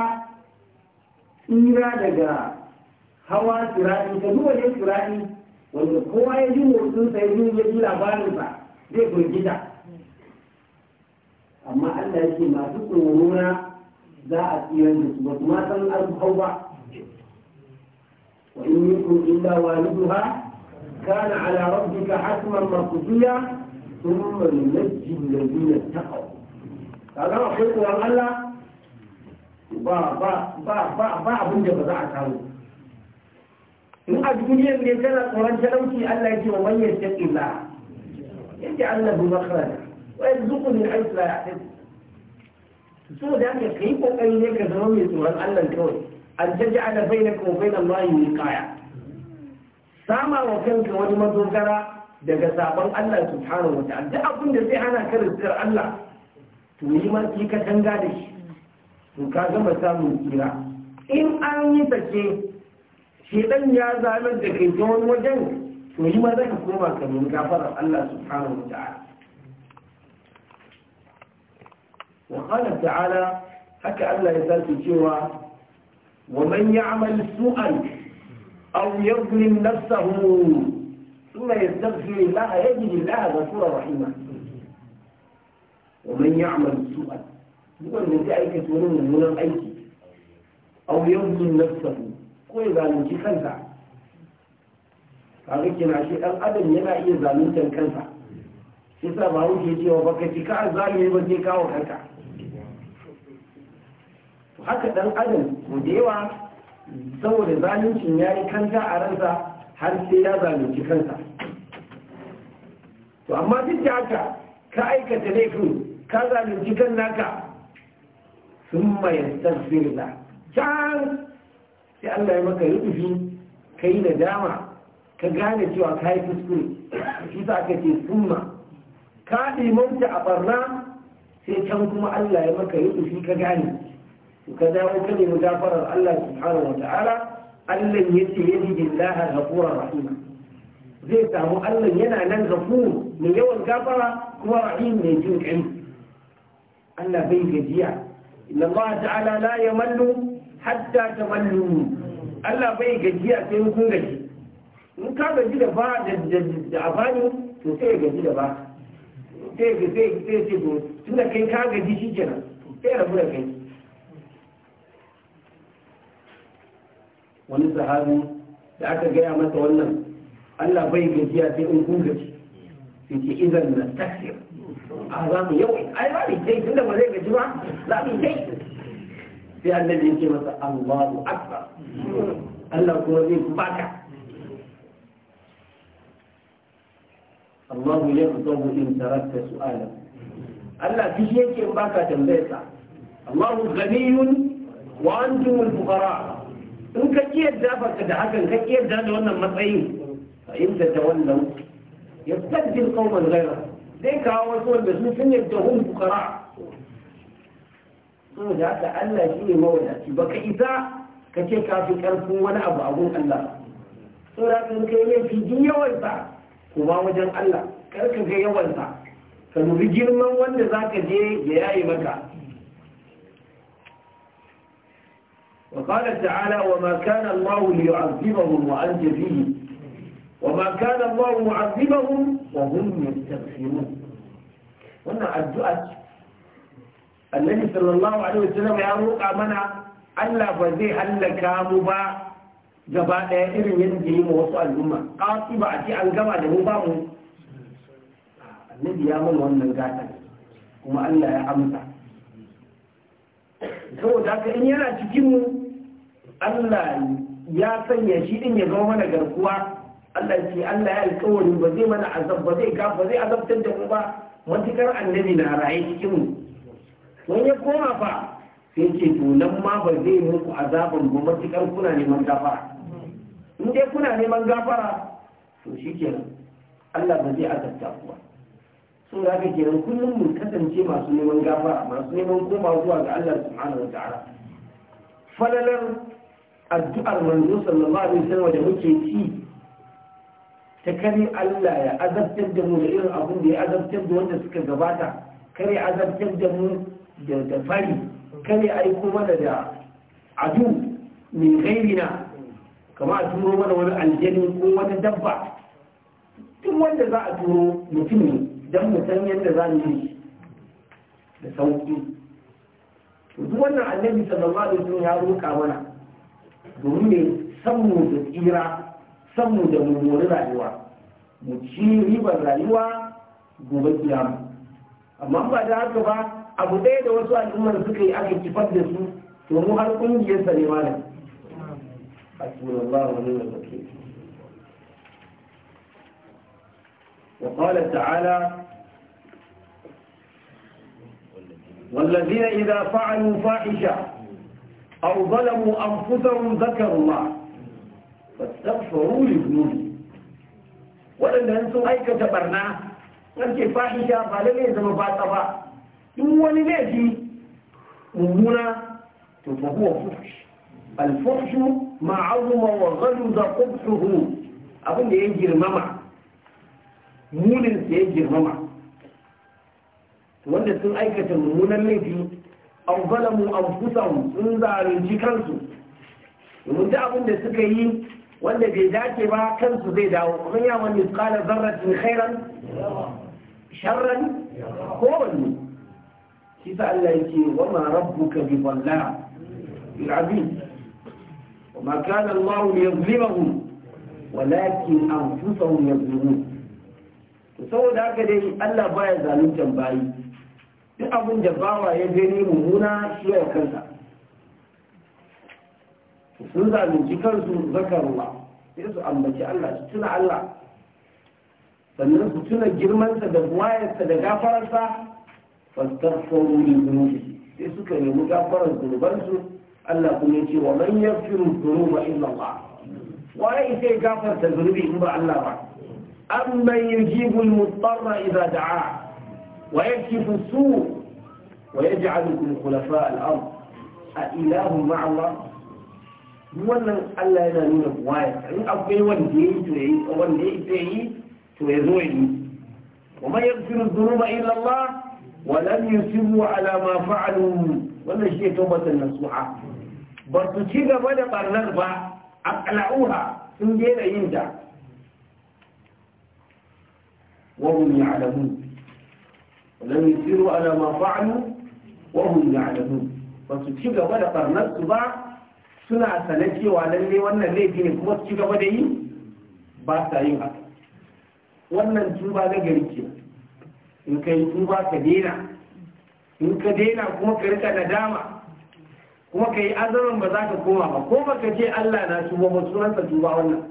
tsira daga hawa tura'i, ta duba ne tura'i, wanda kowa ya ji motsin sa ya ya ji labarin sa zai firgita amma Allah yake masu na za a tsira da su ba su ma san ba وإن يكن إلا والدها كان على ربك حتما مقضيا ثم ينجي الذين اتقوا قال له خير قران الله با با با با با ابن جبر ذا عتاو ان اجبني ان يجعل القران شلوكي الله يجي ومن يتق الله يجعل له مخرجا ويرزقني حيث لا يحتسب سوى ذلك كيف قال لك زوجي سوى الله الكوي an taji ana na kuma na ma yi kaya sama wa kanka wani madogara daga sabon Allah subhanahu wa ta'ala duk abin da zai ana ka Allah to yi ma ki ka danga da shi to ka gama samun kira in an yi shi ɗan ya zalar da kai ta wani wajen to yi ma zaka koma ka nemi gafarar Allah subhanahu wa ta'ala وقال تعالى haka Allah ya cewa ومن يعمل سوءا أو يظلم نفسه ثم يستغفر الله يجد الله غفورا رحيما ومن يعمل سوءا هو من ذلك تولون من الأيك أو يظلم نفسه كوي ظالمتي خلفه kaga kina shi dan adam yana iya zaluntar kansa sai sa ba wuce cewa baka ci ka zalimi ba sai kawo kanka haka dan adam da yawa saboda zaluncin ya yi kanta a ransa har sai ya zalunci kansa to amma duk da haka ka aikata laifin ka zalunci kan naka sun mai tafsirla can sai Allah ya maka rufi ka yi nadama ka gane cewa ka yi fuskuri shi sa aka ce summa ka ɗimanta a ɓarna sai can kuma Allah ya maka rufi ka gane ka dawo ka mudafarar Allah subhanahu wa ta'ala Allah ya ce yadi illaha ghafurur rahim zai samu Allah yana nan ghafur mai yawan gafara kuma rahim mai jin kai Allah bai gajiya inna Allah ta'ala la yamallu hatta tamallu Allah bai gajiya sai kun gaji in ka gaji da ba da abani to sai gaji da ba sai sai sai sai tunda kai ka gaji shikenan sai rabu da kai wani sahabi da aka gaya masa wannan Allah bai gajiya sai in kun gaji sai ce idan na taksir a za mu yawai ai ba ni kai tunda ba zai gaji ba za mu kai sai annabi ya ce masa Allahu akbar Allah kuma zai baka Allah ya fito in tarakta su'ala Allah kishi yake in baka tambayarsa Allahu ghaniyun wa antumul fuqara in ka kiyarda baka da hakan ka kiyarda da wannan matsayin fa da wannan ya tsaddin qauman zaira zai kawo wasu wanda su sun yadda bukara fuqara da haka Allah shine mawadaci baka isa ka ce ka fi karfin wani abu abun Allah da haka kai laifi din yawansa kuma wajen Allah karka ga yawansa ka nufi girman wanda zaka je ya yayi maka فقال تعالى وما كان الله ليعذبهم وأنت فيهم وما كان الله معذبهم وهم يستغفرون وانا الدعاء النبي صلى الله عليه وسلم يا روقا منا ألا فزي ألا مبا gaba ɗaya irin yadda yi ma wasu al'umma ƙasi ba a ce an gama da mu ba mu annabi ya mana wannan gata kuma Allah ya amsa saboda haka in yana cikin mu Allah ya sanya shi din ya zama mana garkuwa Allah ce Allah ya alƙawarin ba zai mana azab ba zai gafa zai azabtar da mu ba matukar annabi na raye cikin mu wani ya koma fa sai ce to nan ma ba zai muku azabin ba matukar kuna neman gafara in dai kuna neman gafara to kenan Allah ba zai azabta ku ba so da haka kenan kullum mu kasance masu neman gafara masu neman koma zuwa ga Allah subhanahu wa ta'ala falalar addu'ar manzo sallallahu alaihi wasallam da muke ci ta kare Allah ya azabtar da mu da irin abin da ya azabtar da wanda suka gabata kare azabtar da mu da fari kare ko mana da adu min gairina kama a turo mana wani aljani ko wani dabba duk wanda za a turo mutum ne don mu san yadda za mu yi da sauki duk wannan annabi sallallahu alaihi wasallam ya roƙa mana domin ne samu da tsira samu da mummuni rayuwa mu ci ribar rayuwa gobe kiyama amma ba da haka ba abu ɗaya da wasu al'ummar suka yi aka kifar da su to mu har kungiyar sa ne a hasbunallahu ba wani wakeel wa qala ta'ala والذين إذا فعلوا فاحشة أو ظلموا أنفسهم ذكروا الله فاستغفروا لذنوبهم waɗanda sun aikata barna ƙarfe fahisha ba lalle zama fata ba in wani laifi mummuna to fa huwa fuhsh al fuhshu ma azuma wa ghalaza qubhuhu abin da ya girmama munin sa ya girmama wanda sun aikata mummunan laifi an zalamu an fusan sun zalunci kansu domin abin da suka yi wanda bai dace ba kansu zai dawo kuma ya wani tsala zarratin khairan sharran kowanne shi sa Allah yake wa ma rabbuka bi dhalla bil abid wa ma kana Allah liyazlimahum walakin anfusahum yazlimun saboda haka dai Allah baya zaluntan bayi duk abin da bawa ya gani mummuna shi ya kansa sun zalunci kansu zakarwa sai su ambaci Allah su tuna Allah sannan su tuna girmansa da buwayarsa da gafararsa fastaghfiru sauri zunubi sai suka nemi gafarar zunubansu Allah kuma ya ce wa man yaghfiru dhunuba illa Allah waye sai gafarta zunubi in ba Allah ba amman yajibul muttara idza da'a ويكشف السوء ويجعل من خلفاء الأرض أإله مع الله ولا ألا إلا من الغوايات وما يغفر الذنوب إلا الله ولم يسموا على ما فعلوا ولا شيء توبة النسوحة برتشيغا ولا برنغبا أقلعوها سنجينا ينجا وهم يعلمون ولم يسيروا على ما فعلوا وهم يعلمون ba su ci gaba da barnarsu ba suna sane cewa lalle wannan laifi ne kuma su ci gaba da yi ba sa yin haka wannan tuba na gari ke in ka yi tuba ka daina in ka daina kuma ka rika nadama kuma ka yi azaman ba za ka koma ba ko ba ka ce Allah na tuba ba sunansa tuba wannan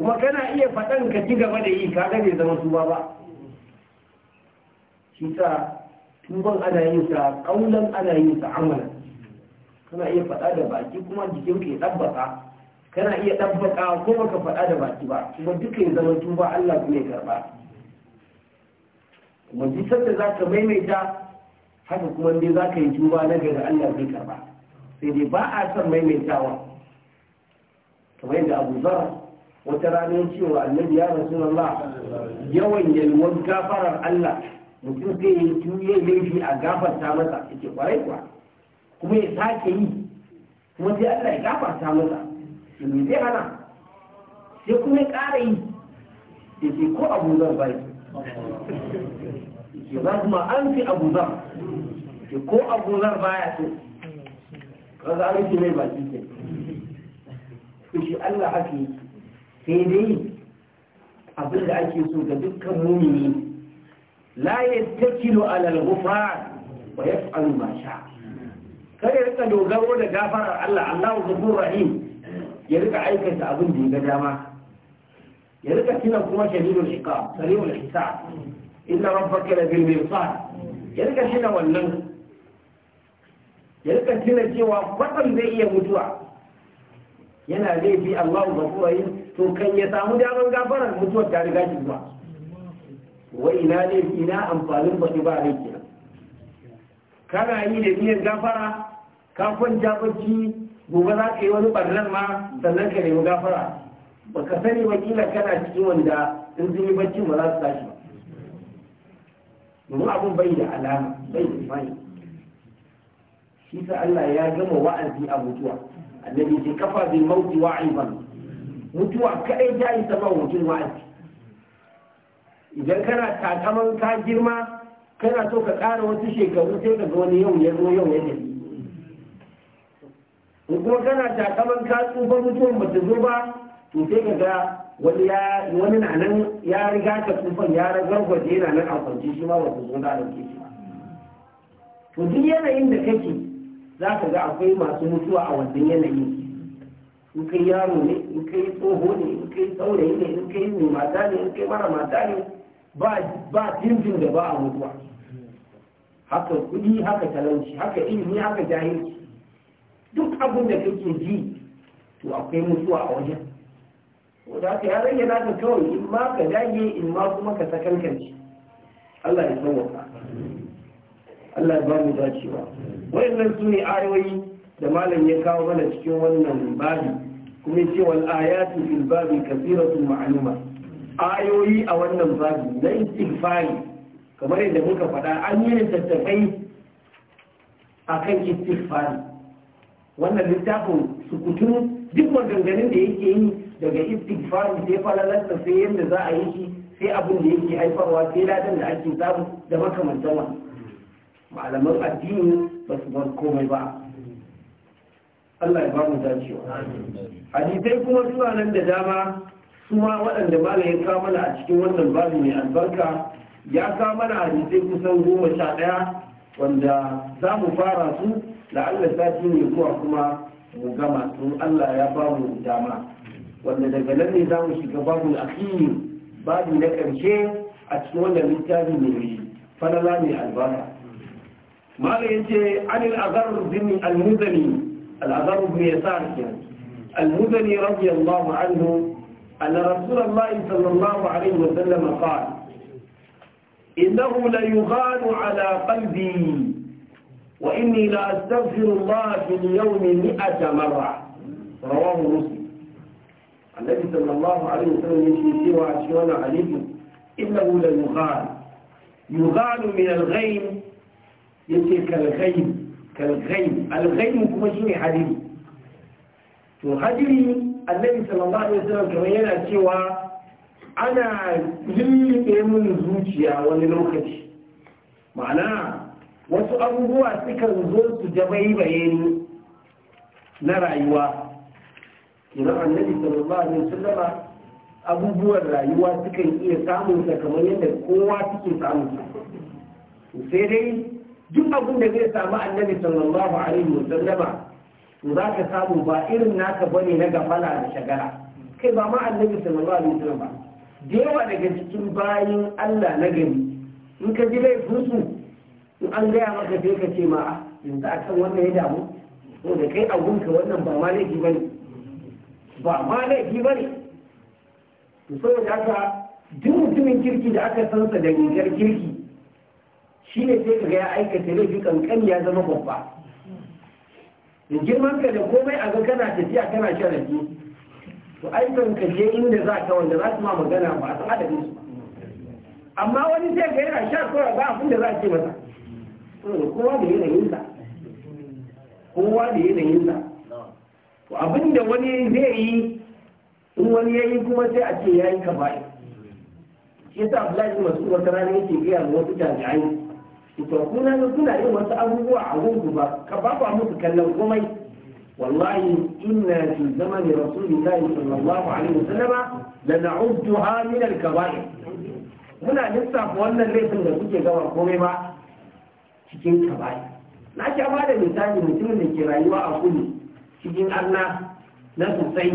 kuma kana iya faɗan ka ci gaba da yi ka gane zama tuba ba shi sa tuban ana yin sa kaunan ana yin sa amana kana iya faɗa da baki kuma jikinka ya ɗabbaka kana iya ɗabbaka ko baka faɗa da baki ba kuma duka ya zama tuba Allah kuma ya karɓa kuma duk da za ka maimaita haka kuma dai za ka yi tuba na gari Allah zai karɓa sai dai ba a son maimaitawa kamar yadda Abu Zar wata rana cewa ya Annabi ya Rasulullah yawan yalwar gafarar Allah mutum zai yi tun yi laifi a gafarta masa yake kwarai kuwa kuma ya sake yi kuma sai Allah ya gafarta masa shi ne zai hana sai kuma ya ƙara yi da ke ko abu zan bai ke ba kuma an fi abu zan ke ko abu zan baya to kaga an rufe mai baki ke shi Allah haka yi sai dai abin da ake so ga dukkan mumini la yattakilu ala al-ghufran wa yaf'alu ma sha kar ya rika dogaro da gafarar Allah Allahu ghafurur rahim ya rika aikata abin da ya ga dama ya rika tuna kuma shadidul iqab sariul hisab inna rabbaka la bil mirsad ya rika tuna wannan ya rika tuna cewa kwatan zai iya mutuwa yana laifi Allahu ghafurur rahim to kan ya samu daman gafarar mutuwar ta riga shi zuwa wa ina ne ina amfanin baki ba ne kenan kana yi da niyyar gafara ka kwanta bacci gobe za ka yi wani barnar ma sannan ka nemi gafara ba ka sani wakila kana cikin wanda in sun yi bacci ba za su tashi ba domin abun bai da alama bai da imani shi sa Allah ya gama wa'azi a mutuwa annabi ce kafa bil mauti wa'iban mutuwa kadai ta yi sama mutum wa'azi idan kana takaman ka girma kana so ka ƙara wasu shekaru sai ka ga wani yau ya zo yau ya tafi in kuma kana takaman ka tsufa mutuwan ba ta zo ba to sai ka ga wani ya wani na nan ya riga ka tsufan ya gwaje yana nan a kwanci shi ma ba ku zo da ɗauke shi to duk yanayin da kake za ka ga akwai masu mutuwa a wannan yanayin in kai yaro ne in kai tsoho ne in kai saurayi ne in kai mai mata ne in kai mara mata ne ba jirgin da ba a mutuwa haka kudi haka talauci haka ilimi haka jahilci duk abin da kake ji to akwai mutuwa a wajen da haka ya rage naka kawai in ma ka dage in ma kuma ka sakankanci Allah ya sauwaka Allah ya ba mu dacewa wayannan su ne ayoyi da malam ya kawo mana cikin wannan babi kuma ce wal ayatu fil babi kathiratun ma'luma ayoyi a wannan zafi na istighfari kamar yadda muka faɗa an yi tattafai a kan istighfari wannan littafin sukutun duk maganganun da yake yi daga istighfari sai falalarsa sai yadda za a yi shi sai abin da yake haifarwa sai ladan da ake samu da makamantan wa malaman addini ba su bar komai ba Allah ya ba mu dacewa hadisai kuma suna nan da dama su waɗanda ba ya kawo mana a cikin wannan babu mai albarka ya kawo mana jisai kusan goma sha ɗaya wanda za mu fara su da ta sati ne zuwa kuma mu gama tun Allah ya ba mu dama wanda daga nan ne za mu shiga babu akiri babu na ƙarshe a cikin wannan littafi mai falala mai albarka malam ya yace anil azar zini al-muzani al-azar bin yasar al-muzani radiyallahu anhu أن رسول الله صلى الله عليه وسلم قال إنه ليغال على قلبي وإني لأستغفر الله في اليوم مئة مرة رواه مسلم النبي صلى الله عليه وسلم يشي سوى عشرون عليه إنه ليغال يغال من الغيم يشي كالغيم كالغيم الغيم كما شيء حديث تغدري annabi sallallahu alaihi wasallam kamar yana cewa ana lullube min zuciya wani lokaci ma'ana wasu abubuwa sukan zo su jabai bayani na rayuwa kina annabi sallallahu alaihi wasallama abubuwan rayuwa sukan iya samun sa kamar yadda kowa suke samun sa sai dai duk abin da zai samu annabi sallallahu alaihi wasallama to za ka samu ba irin naka bane na gafala da shagara kai ba ma annabi sallallahu alaihi wasallam ba da yawa daga cikin bayin Allah na gari in ka ji laifinsu in an gaya maka sai ka ce ma ah, yanzu akan wannan ya damu to da kai abunka wannan ba ma laifi bane ba ma laifi bane to saboda haka duk mutumin kirki da aka sansa da rigar kirki shine sai ka ga ya aikata laifi kankani ya zama babba in girman ka da komai a ga kana tafiya kana shan rake to ai kan ka je inda za ka wanda za su ma magana ba a san adadin su amma wani sai ka yana sha kawai ba abin da za a ce masa kowa da yanayin sa kowa da yanayin sa to abin da wani zai yi in wani yayi kuma sai a ce yayi ka bai shi yasa Abdullahi Mas'ud wata rana yake gaya wa wasu jami'ai to kuna ga kuna yin wasu abubuwa a gungu ba ka ba ku musu kallon komai wallahi inna fi zamani rasulillahi sallallahu alaihi wasallam la na'udduha min al-kaba'ir muna lissafa wannan laifin da kuke gawa komai ba cikin kaba'ir na ki ba da misali mutumin da ke rayuwa a kudu cikin Allah na sosai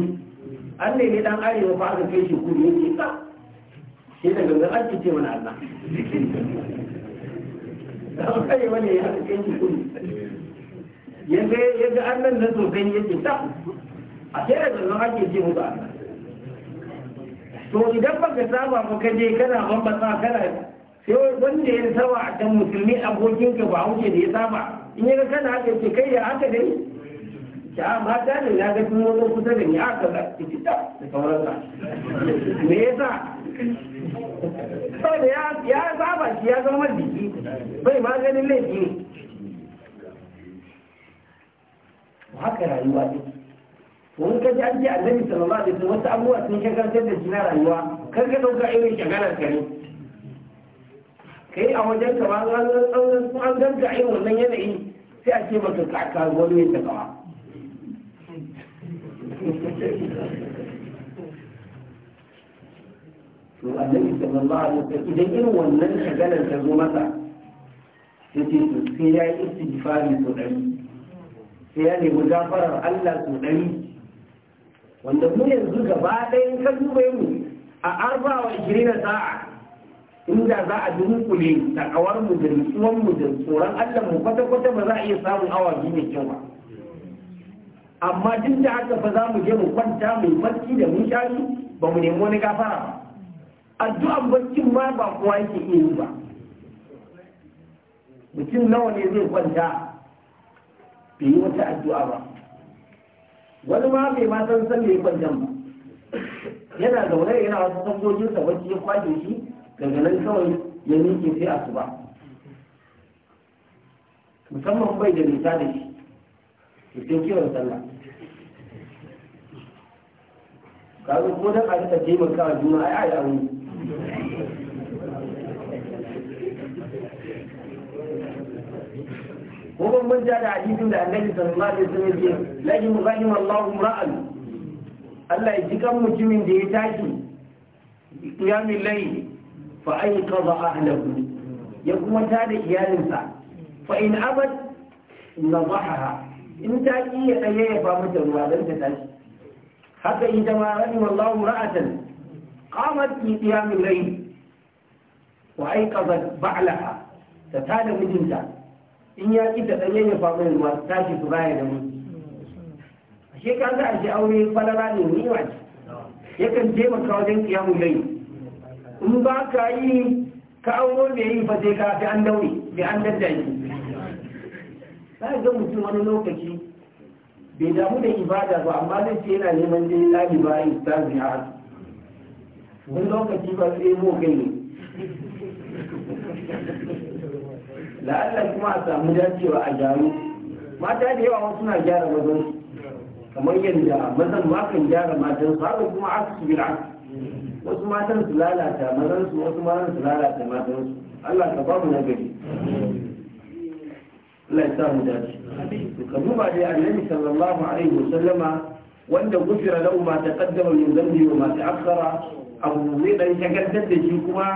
an ne dan arewa fa aka kai shi kudu yake ka sai daga ga an ce mana Allah an kai wani ya haka kai kudi yanzu yadda an nan na sosai yake ta a sai da zan ake ji musu to idan baka saba ba ka je kana bambata kana sai wanda ya saba a kan musulmi abokinka ba wuce da ya saba in yaga kana haka ce kai ya haka dai ya mata ne ya ga sun wajen kusa da ni aka ga tikita da sauransa me yasa saboda ya saba shi ya zama jiki bai maganin laifi ne haka rayuwa ne wani kaji an ji annabi sallallahu alaihi wasallam wasu abubuwa sun shagaltar da shi na rayuwa kar ka dauka irin shagalar ka ne kai a wajen ka ba an ganka irin wannan yanayi sai a ce maka ka ka gwamnati ta kawa to annabi ba alaihi wasallam idan irin wannan shagalar ta zo masa sai ce to sai ya yi istighfari to ɗari sai ya nemi gafarar Allah to ɗari wanda mu yanzu gaba ɗaya ka duba mu a arba wa ishirina sa'a inda za a da takawar mu da nutsuwan mu da tsoron Allah mu kwata-kwata ba za a iya samun awa biyu mai kyau ba amma duk da haka ba za mu je mu kwanta mu barci da mun shari ba mu nemi wani gafara ba addu'an barcin ma ba kowa yake iya yi ba mutum nawa ne zai kwanta bai yi wata addu'a ba wani ma bai ma san san ya kwantan ba yana zaune yana wasu sojojin sa wacce ya kwaje shi daga nan kawai ya miƙe sai ba musamman bai da nisa da shi sai kiran sallah kaga ko da a rika taimaka wa juna ai ai ko ban mun da hadisin da annabi sallallahu alaihi wasallam ya ce la yumghim Allahu ra'an Allah ya ji kan mutumin da ya tashi qiyamul layl fa ayqadha ahlahu ya kuma tada iyalinsa fa in abad nadhaha in ta iya ya tsaye ya famu da ruwa don ta tashi haka ita ma rahim Allah ra'atan qamat fi qiyamil layl wa ayqazat ba'laha ta tada mijinta in ya ki ta tsaye ya famu da ruwa ta tashi su baya da mu ashe ka ga ashe aure falala ne ni wace yakan taimaka wajen qiyamul layl in ba ka yi ka aure me yi fa sai ka fi an daure bi an daddaji sai ga mutum wani lokaci bai damu da ibada ba amma zai ce yana neman dai ba ya ta ziyara wani lokaci ba sai mo gani la'alla kuma a samu dacewa a gyaru mata da yawa wasu na gyara mazan kamar yadda mazan ma kan gyara matan su haka kuma a su aksu wasu matan su lalata mazan su wasu matan su lalata matan su Allah ka ba mu nagari Allah ya sa mu dace ka duba dai annabi sallallahu alaihi wasallama wanda gufira lahu ma taqaddama min dhanbi wa ma ta'akhkhara abu zai dan shagaltar da shi kuma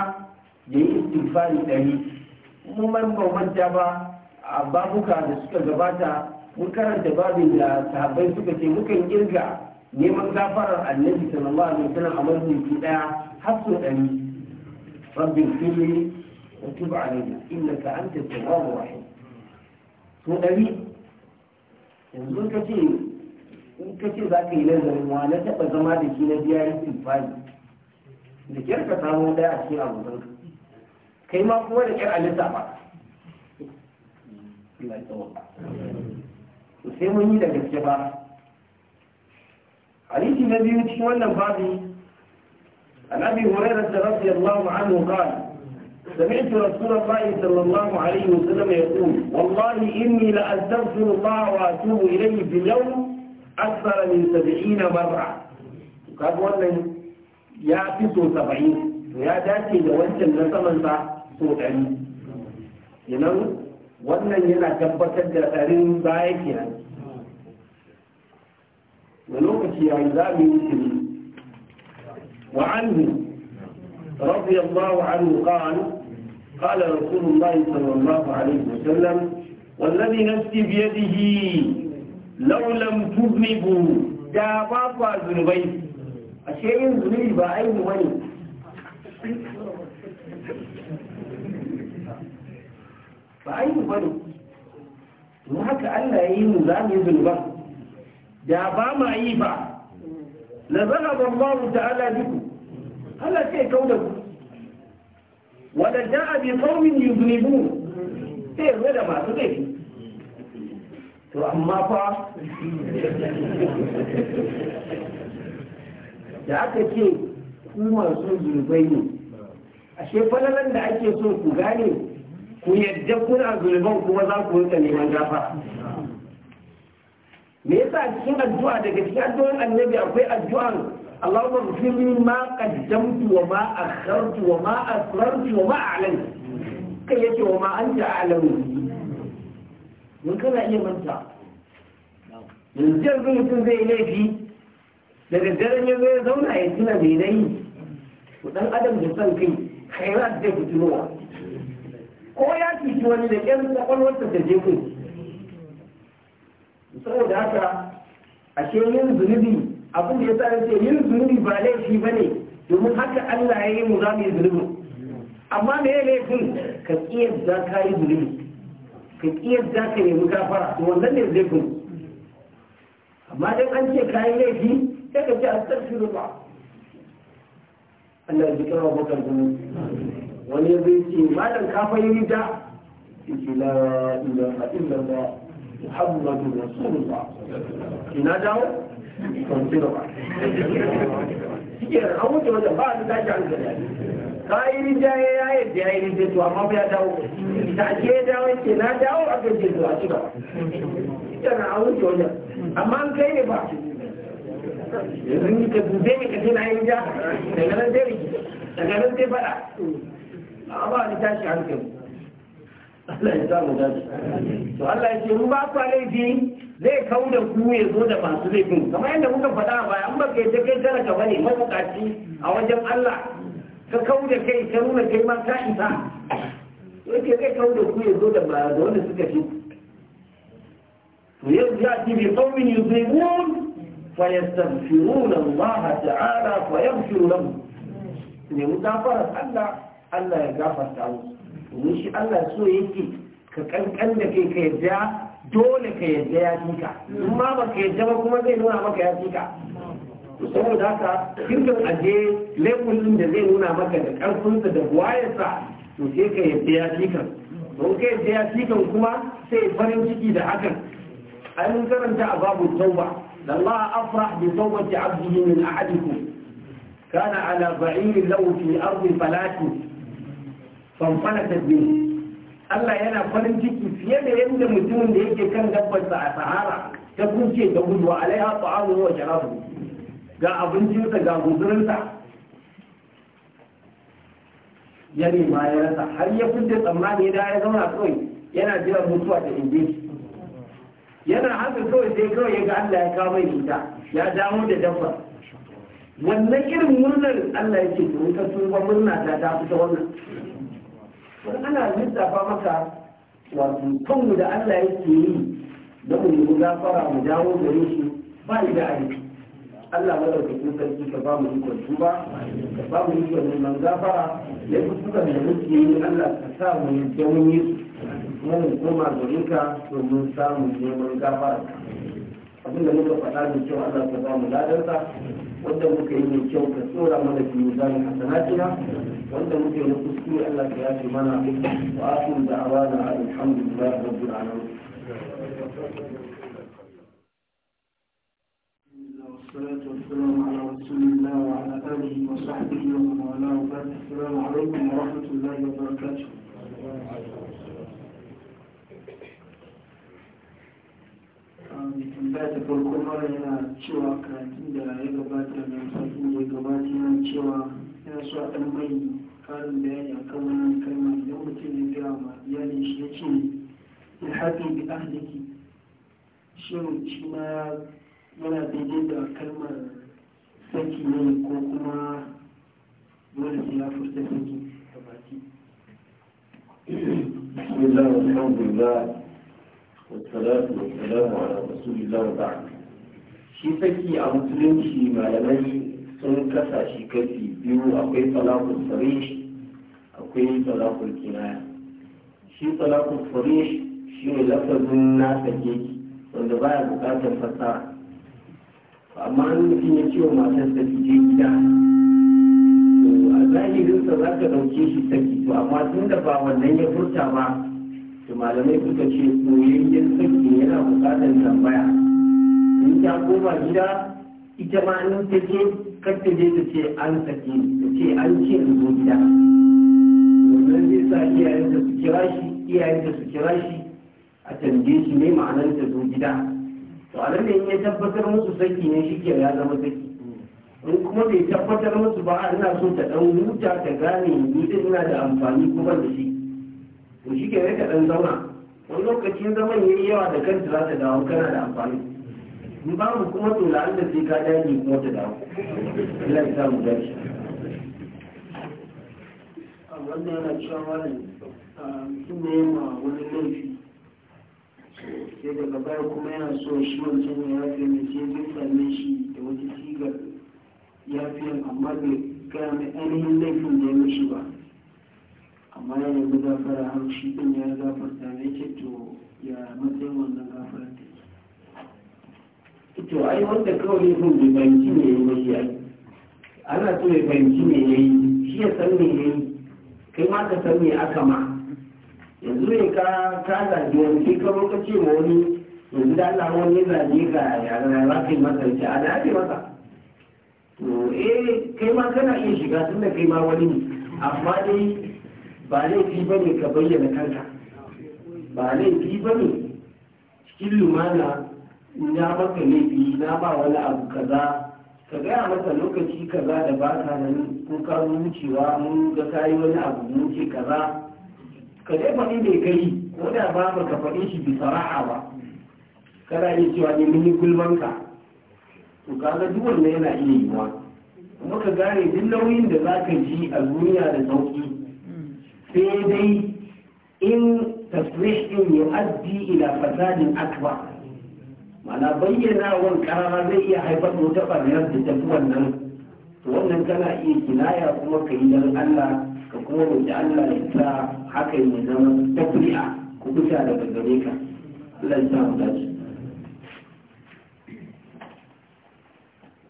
ya yi istighfari dari mun man ba manta ba a babuka da suka gabata mun karanta babin da sahabbai suka ce mukan kirga neman gafarar annabi sallallahu alaihi wasallam a mazmuki daya har so dari rabbil kulli wa tub alaina innaka antat tawwabur rahim na ɗari yanzu ka ce in ka ce za ka yi lalzari ma na taɓa zama da shi na biya yi imfani da kyar ka samu ɗaya a cikin abokan kai ma kuma da kyar a lissafa sai mun yi da gaske ba hadisi na biyu cikin wannan babi عن ابي da رضي الله عنه قال سمعت رسول الله صلى الله عليه وسلم يقول والله إني لأستغفر الله وأتوب إليه في اليوم أكثر من سبعين مرة وكان ولن يا تسو سبعين ويا داكي لوجه النسمة صوت عني ينم ولن ينا جبتا بايك يعني ولوكش يا عزامي وعنه رضي الله عنه قال قال رسول الله صلى الله عليه وسلم والذي نفسي بيده لو لم تذنبوا دا بابا ذنبي أشياء ذنبي بأي مبني بأي مبني وهكا ألا يين ذنبي ذنبا دا بابا عيبا لذهب الله تعالى بكم هلا شيء كونكم wanda abin bi qaumin yuzlimun sai zo da masu laifi to amma fa da aka ce ku masu zunubai ne ashe falalan da ake so ku gane ku yadda kuna zunuban kuma za ku rika neman gafa me yasa cikin addu'a daga cikin addu'an annabi akwai addu'an اللهم اغفر لي ما قدمت وما أخرت وما أسررت وما أعلنت كي يجي وما أنت أعلم من كان إيه من yanzu yanzu mutum zai laifi daga daren ya zai zauna ya tuna mai nayi ku adam da son kai khairat zai ko ya cuci wani da ƙyan kwakwalwarsa da jefu saboda haka ashe yin zunubi abin da ya sa ce yin zunubi ba laifi ba ne domin haka Allah ya yi mu za mu yi zunubi amma me ya laifin ka za ka yi zunubi ka za ka nemi fara to wannan ne laifin amma dai an ce ka yi laifi sai ka ce ba Allah ya ji kawo bakar zunubi wani ya zai ce malam ka fa yi rida ce la ilaha illallah muhammadur rasulullah ina dawo shike a ta ka yi dawo ta ke ya dawo na dawo a a cika. na a wuce wajen amma an kai ne ba ka dube ka na daga nan zai daga nan zai faɗa ba ni ta an Allah ya samu dace to Allah ya ce mu ba ku laifi zai kau da ku ya zo da masu laifin kamar yadda muka faɗa a baya an ba kai ta kai kana ka ne mabukaci a wajen Allah ka kau da kai ka nuna kai ma ka isa yake zai kau da ku ya zo da wanda suka fi to yau ya ci bi qaumin yuzimun fa ya yastaghfiruna Allah ta'ala fa ya fi lahum ne mutafarar Allah Allah ya gafarta musu domin shi Allah so yake ka kankan da kai ka yarda dole ka yarda ya fi ka in ma ba ka yarda ba kuma zai nuna maka ya fi ka saboda haka kirkin aje laifin da zai nuna maka da karfinsa da buwayarsa to sai ka yarda ya fi ka don ka yarda ya fi kan kuma sai farin ciki da hakan an karanta a babu tauba الله أفرح بتوبة عبده من أحدكم kana ala ba'in له fi أرض falatin fanfana ta biyu Allah yana farin ciki fiye da yadda mutumin da yake kan gabbarsa a sahara ta kuce da gudu alaiha ta'amu wa sharabu ga abincinsa ga guzurinsa ya ma ya rasa har ya fi tsammani da ya zauna kawai yana jiran mutuwa da inje yana haka kawai sai kawai ya ga Allah ya kawo mai ita ya dawo da dabba wannan irin murnar Allah ya ce to ka tuba murna ta ta fita wannan don ana lissafa maka wasu kanmu da Allah yake yi da mu nemi gafara mu dawo gare shi ba ni da aiki Allah madaukakin sarki ka ba mu ikon tuba ka ba mu ikon neman gafara ya fi sukan da muke yi Allah ka sa mu yi mun yi kuma mu koma gare ka domin samun neman gafara abin da muka faɗa da kyau Allah ka ba mu ladarsa wanda muka yi mai kyau ka tsora mana fi mizanin hasanatina وانت ممكن نقصي قال لك يا اخي منع واخر دعوانا الحمد لله رب العالمين والصلاة والسلام على رسول الله وعلى آله وصحبه ومن والاه وبعد السلام عليكم ورحمة الله وبركاته. tambaya ta farko mara yana cewa karatun ya gabata mai fasin ya gabata yana cewa yana so a ɗan mai ƙarin bayani a kan wannan kalma idan mutum ya gaya ma iyalin shi ya ce ya haɗe da ahliki shin shi ma yana daidai da kalmar saki ne ko kuma dole sai ya furta saki da baki بسم الله والحمد لله wa salamu على رسول wa وبعد shi saki a musulunci malamai sun kasa shi kashi biyu akwai talakul farish akwai talakul kinaya shi talakul farish shi ne lafazin na sake wanda baya bukatar fasa amma an mutum ya ce wa matar ta je gida a zahirinsa za ka ɗauke shi saki to amma tun da ba wannan ya furta ba to malamai suka ce koyayyen saki yana bukatar tambaya in ta koma gida ita ma ta je kakka je ta ce an saki ta ce an ce in zo gida wannan zai sa da su kira shi iyayenta su kira shi a tambaye shi ne ma'anar ta zo gida to a nan ya tabbatar musu saki ne shi ke ya zama saki in kuma bai tabbatar musu ba ina so ta dan huta ta gane ni din ina da amfani kuma da shi to shi ke ka dan zauna wani lokacin zaman yayi yawa da kanta za ta dawo kana da amfani in ba mu kuma to la Allah sai ka dage kuma ta dawo Allah ya samu dace wannan yana cewa wannan ah, mutum ne ma wani laifi sai daga baya kuma yana so shi wancan ya fi mai sai zai same shi da wata sigar yin amma bai gaya mai ainihin laifin da ya mishi ba amma ya nemi gafara har shi ɗin ya gafarta ne ke to ya matsayin wannan gafarar to ai wanda kawai sun bai fahimci ne ya yi ya ana so ya fahimci ne ya yi shi ya san me ya yi kai ma ka san me aka ma yanzu ne ka ka zaɓi wani sai ka ka ce ma wani yanzu da Allah wani ya zaɓe ka yara za ka yi masa ce a da ake masa to eh kai ma kana iya shiga tun da kai ma wani ne amma dai ba laifi ba ne ka bayyana kanka ba laifi ba ne cikin lumana na maka laifi na ba wani abu kaza ka gaya masa lokaci kaza da ba ka nan ko ka wucewa mun ga kayi wani abu mun ce kaza ka dai faɗi mai kai ko da ba ka ka faɗi shi bi sara'a ba kana iya cewa ne mun gulman ka to ga duk yana iya yiwa kuma ka gane duk nauyin da za ka ji a duniya da sauki sai dai in tasrih din addi ila fasadin akbar mana bayyanawar karara zai iya haifar da wata barnar da tafi wannan wannan kana iya kinaya kuma ka yi don allah ka kuma roƙi allah ya sa haka ya zama tafiya ku kusa daga gare ka allah ya sa mu dace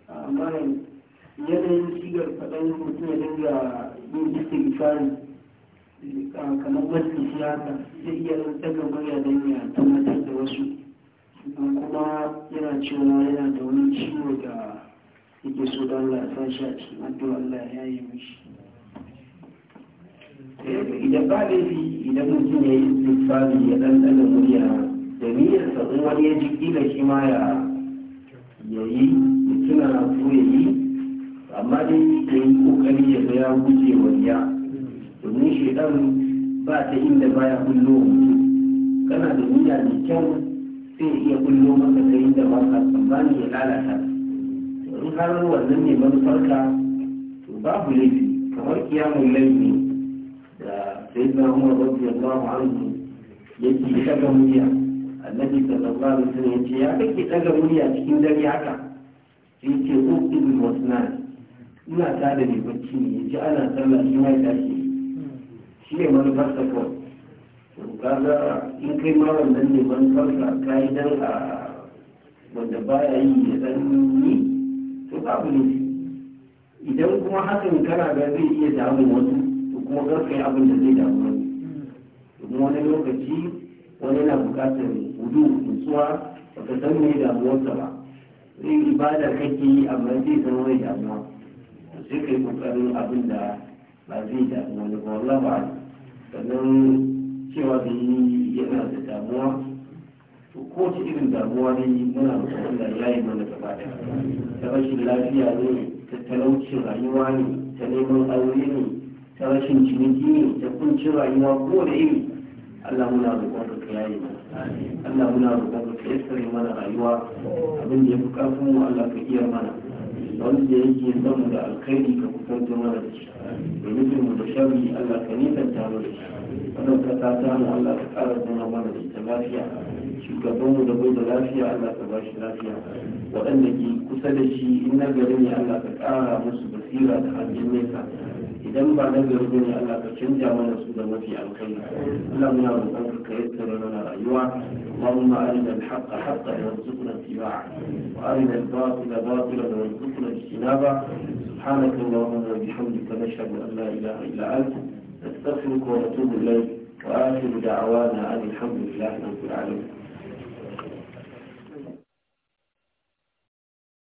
amma yanayin shigar faɗan mutum ya dinga yin istighfari kamar wasu siyasa zai iya daga murya don ya tabbatar da wasu kuma yana cewa yana da wani ciwo da yake so da Allah ya sashi a cikin addu'a Allah ya yi mishi eh, idan ba laifi idan mutum ya yi istighfari ya dan daga murya da niyyar sa in wani ya ji kila shi ma ya yayi mutuna ya yayi amma dai ya yi kokari ya ga ya guje wariya domin shedan ba ta inda baya kullo kana da niyya mai kyau sai iya kullo maka kai da ba ka tsammani ya lalata to in har wannan ne manufarka to babu laifi kamar kiyamun laifi da sai na umar radiyallahu anhu yake daga murya annabi sallallahu alaihi wasallam yace ya kake daga murya cikin dare haka sai yace uqbil wasnan ina tada ne bacci ne yace ana sallah shi mai tashi shi ne manufarsa kawai kaga in kai malam wannan neman kanka ka yi dan a wanda baya yi ya dan yi to babu ne idan kuma hakan kana ga zai iya damu wasu to kuma kar kai abin da zai damu wani domin wani lokaci wani na bukatar hudu nutsuwa baka san me damuwarsa ba zai ibada kake yi amma zai zama mai damuwa to sai kai kokarin abin da ba zai damu wani ba wallahi ba sannan cewa da yi yana da damuwa to kowace irin damuwa ne muna da yayi ya yi mana gaba da ta rashin lafiya ne ta talaucin rayuwa ne ta neman aure ne ta rashin ciniki ne ta kuncin rayuwa ko da iri Allah muna roƙon ka ya yi mana Allah muna roƙon ka ya tsare mana rayuwa abin da ya fi mu Allah ka iya mana wanda yake zama da alkhairi ka kusanta mana da shi da nufin mu da sharri Allah ka nisanta taro da shi wannan ka ta samu Allah ka ƙara zama mana da ita lafiya shugaban mu da bai da lafiya Allah ka ba shi lafiya waɗanda ke kusa da shi in na gari ne Allah ka ƙara musu basira da hangen nesa idan ba na gari ne Allah ka canja mana su da mafi alkhairi Allah muna roƙon ka yassara mana rayuwa اللهم أرنا الحق حقا وارزقنا اتباعه وأرنا الباطل باطلا وارزقنا اجتنابه سبحانك اللهم وبحمدك نشهد أن لا إله إلا أنت نستغفرك ونتوب إليك وآخر دعوانا أن الحمد لله رب العالمين